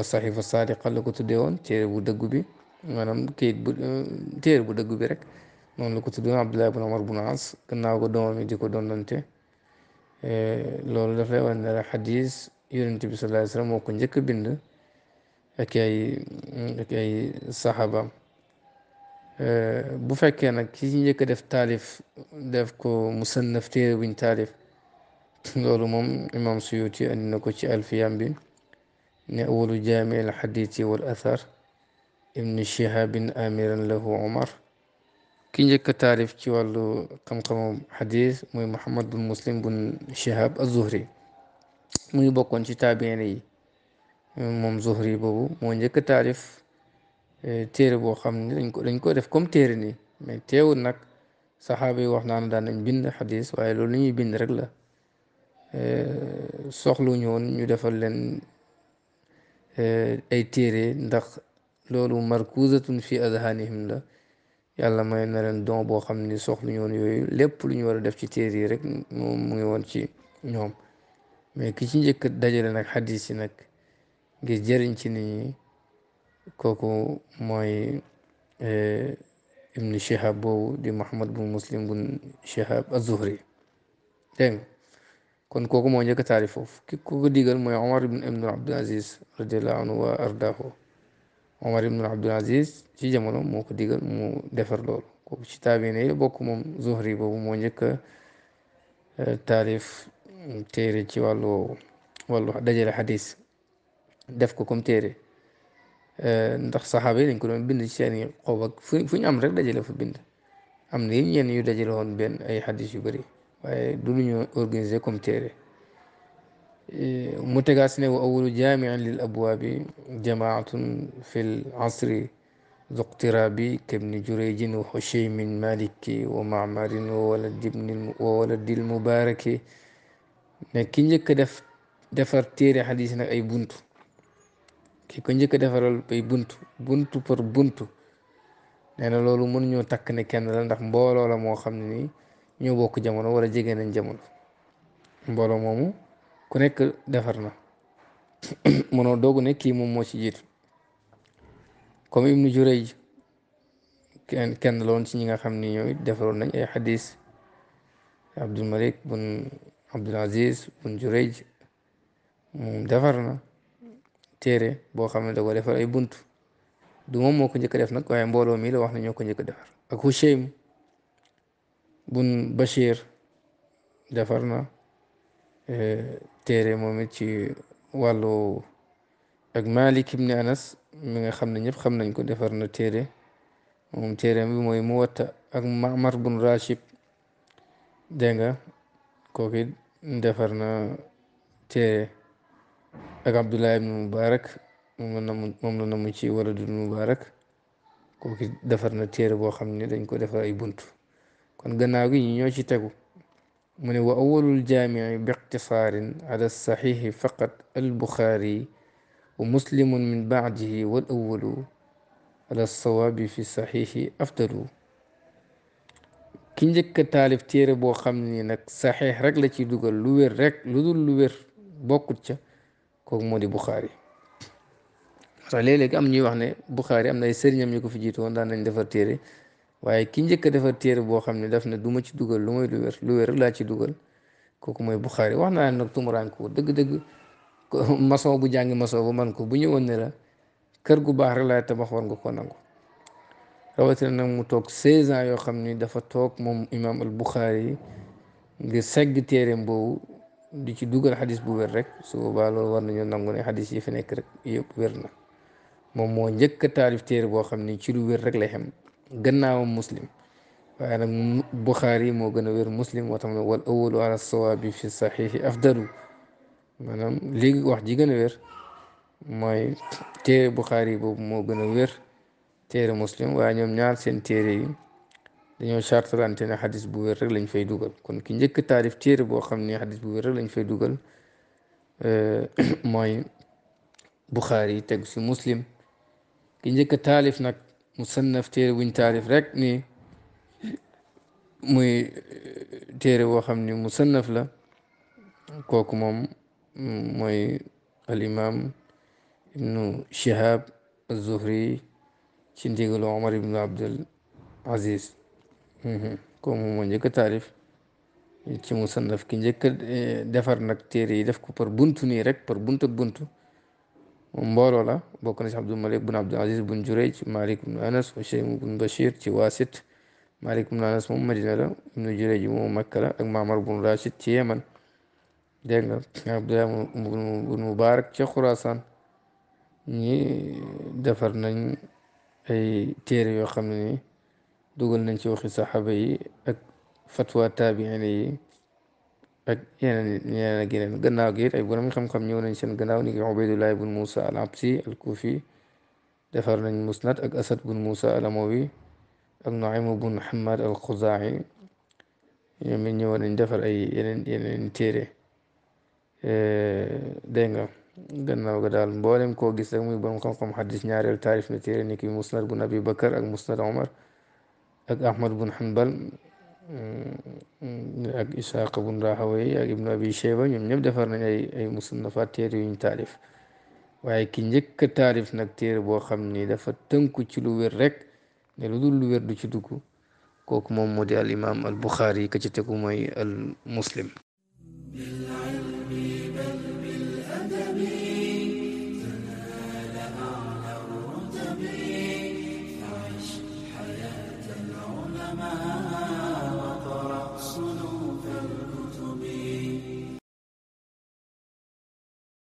saxifa sadiqa la ko tuddee woon téere bu dëggu bi maanaam kayit bu euh, téere bu dëggu bi rek noonu la ko tuddee woon bu ibn Omar bu naas gannaaw ko doomam yi di ko doonante loolu dafay wan ne la xadis yonent bi sallallahu alayhi wasallam moo ko njëkk bind ak ay ak ay saxaabaam bu fekkee nag ki ci njëkk def taalif def ko musannaf téere buñ taalif loolu moom imam suyuti andi na ko ci alfiyam bi ne awalu jaami al xaditi wal athar ibn shihabin amiran lahu omar كي نجيك تعرف كي والو كم كم حديث مي محمد بن مسلم بن شهاب الزهري مي بكون شي تابعين اي مم زهري بابو مو نجيك تعرف آه، تير بو خامني لنكو لنكو ديف كوم تيرني مي تيو نك صحابي واخنا انا دا حديث واي لو ني بن رك لا آه، سوخلو نيون ني ديفال لن آه، اي تيري ندخ لولو مركوزة في اذهانهم لا yàlla may na leen don boo xam ni soxlu ñoon yooyu lépp lu ñu war a def ci téere yi rek moom mu ngi woon ci ñoom mais ki ci njëkk dajale nag xadis yi nag ngir jëriñ ci nit ñi kooku mooy e, ibnu shihab boobu di muhammad bu muslim bu shihab az-zuhri dégg kon kooku mooy njëkk taari foofu ki ko ko digal mooy omar ibn abdul aziz radiallahu anhu wa ardahu omar ibn abdul aziz ci jamono moko digal mu defar loolu ko ci tabine yi bokk moom zuhri bobu mo njëkk tarif téré ci walu walu dajal hadith def ko comme téré ndax saxaaba yi dañ ko doon bind ci seen xob ak fu ñu am rek dajale fa bind am na yenn yu dajale woon benn ay hadith yu bari waaye du lu ñu organiser comme téere mu tegaas ne wa awalu jaamiin lil abwaabi jamaatun fi l asri ذو اقترابي كابن جريج وحشيم مالك ومعمر وولد ابن وولد المبارك لكن جك دف دفر تيري حديثنا اي بنتو كي كن جك دفر اي بنتو بنتو بر بنتو نانا لولو من نيو تاك ني كان لا نداخ مبولو لا مو خامني نيو بوك جامونو ولا جيغي نان جامونو مبولو مومو كو نيك دفرنا منو دوغ ني كي موم سي جيتو comme ibnu Jurayj kenn kenn la ci ñi nga xam ni ñooy defaroon nañ ay xadis Abdul Malik bun Abdul bun Jurayj moom defar na téere boo xam ne da ko defar ay bunt du moom moo ko njëkk def nag waaye mbooloo mii la wax ne ñoo ko njëkk defar ak Hushaym bun Bashir defar na eh, téere moom it ci wàllu ak Malik ibn Anas mi nga xam ne ñëpp xam nañ ko defar na téere moom téereem bi mooy Muwatta ak Ma'mar bun Rashid dégg nga kooku it defar na téere ak Abdullah ibn Mubarak moom la na moom la na mu ci waladul Mubarak kooku defar na téere boo xam ne dañ ko defar ay bunt kon gannaaw gi ñi ñoo ci tegu mu ne wa awwalul jaami'i bi iqtisaarin ala saxiixi faqat al-Buxaari ومسلم من بعده والأول على الصواب في صحيح أفضل كين جك تالف تير بو خمني نك صحيح رك لتي دوغل لوير رك لودو لوير بوكوتشا كوك مودي بخاري رالي لك أم نيوح ني بخاري أم ناي سيري نيام يكو فجيتو وندان نين دفر تير واي كين جك دفر تير بو خمني دفن دومتش دوغل لوير لوير لوير لاتي دوغل كوك مودي بخاري وحنا نكتو مرانكو دق دق دق maçon bu jàngi maçon bu man ko bu ñëwoon ne la kër gu baax rek laay tabax war nga ko nangu rawatina nag mu toog 16 ans yoo xam ni dafa toog moom imaam al Buxaari ngir segg téereem boobu di ci dugal xadis bu wér rek su boobaa loolu na nañoo nangu ne xadis yi fi nekk rek yëpp wér na moom moo njëkk a taalif téere boo xam ni ci lu wér rek lay xem gannaawam muslim waaye nag Buxaari moo gën a wér muslim moo tax ne wal awalu a sawaabi maanaam léegi wax ji gën a wér mooy téere Buxaari boobu moo gën a wér téere muslim waaye ñoom ñaar seen téere yi dañoo chartalante ne xadis bu wér rek lañ fay dugal kon ki njëkk taarif téere boo xam ne xadis bu wér rek lañ fay dugal mooy Buxaari tegu si muslim ki njëkk taalif nag musannaf téere wuñ taarif rek ni muy téere boo xam ni musannaf la kooku moom মই আলিমাম ইবনু শিহাব জুহরি ছিন্দিগুলো অমর ইবনু আব্দুল Aziz ko moom moo njëkk a taarif ci musannaf ki njëkk a defar nag téere yi def ko par buntu nii rek par buntu buntu moom mbooloo la bokk na ci abdul malik bun abdul aziz bun jurayj malik bun anas hushaym bun bashir ci waasit malik bun anas moom madina la ibnu jurayj moom makka la ak mamar bun rashid ci yeman dégg nga bu ibn Mubarak ca Xurasaan ñi defar nañ ay téere yoo xam ne ni dugal nañ ci waxi saxaaba yi ak fatwa taabiina yi ak yeneen yeneen ak yeneen gannaaw gi it ay borom xam-xam ñëw nañ seen gannaaw ni ki Ubaydullah ibn Musa al Absi al defar nañ musnad ak Asad ibn Musa al Amawi ak Nuaym ibn Muhammad al Xuzaa'i ñoom it ñëw nañ defar ay yeneen yeneen téere دينغا غناو غدال مبولم كو غيس رك مي بون خم خم التاريخ متير ني مسند بن ابي بكر اك مسند عمر اك احمد بن حنبل اك اساق بن راهوي اك ابن ابي شيبه نيم نيب دفر ناي اي مصنفات تير يون تاريخ waye ki njëkk taarif nag téere boo xam ni dafa tënku ci lu wér rek ne lu dul lu wér du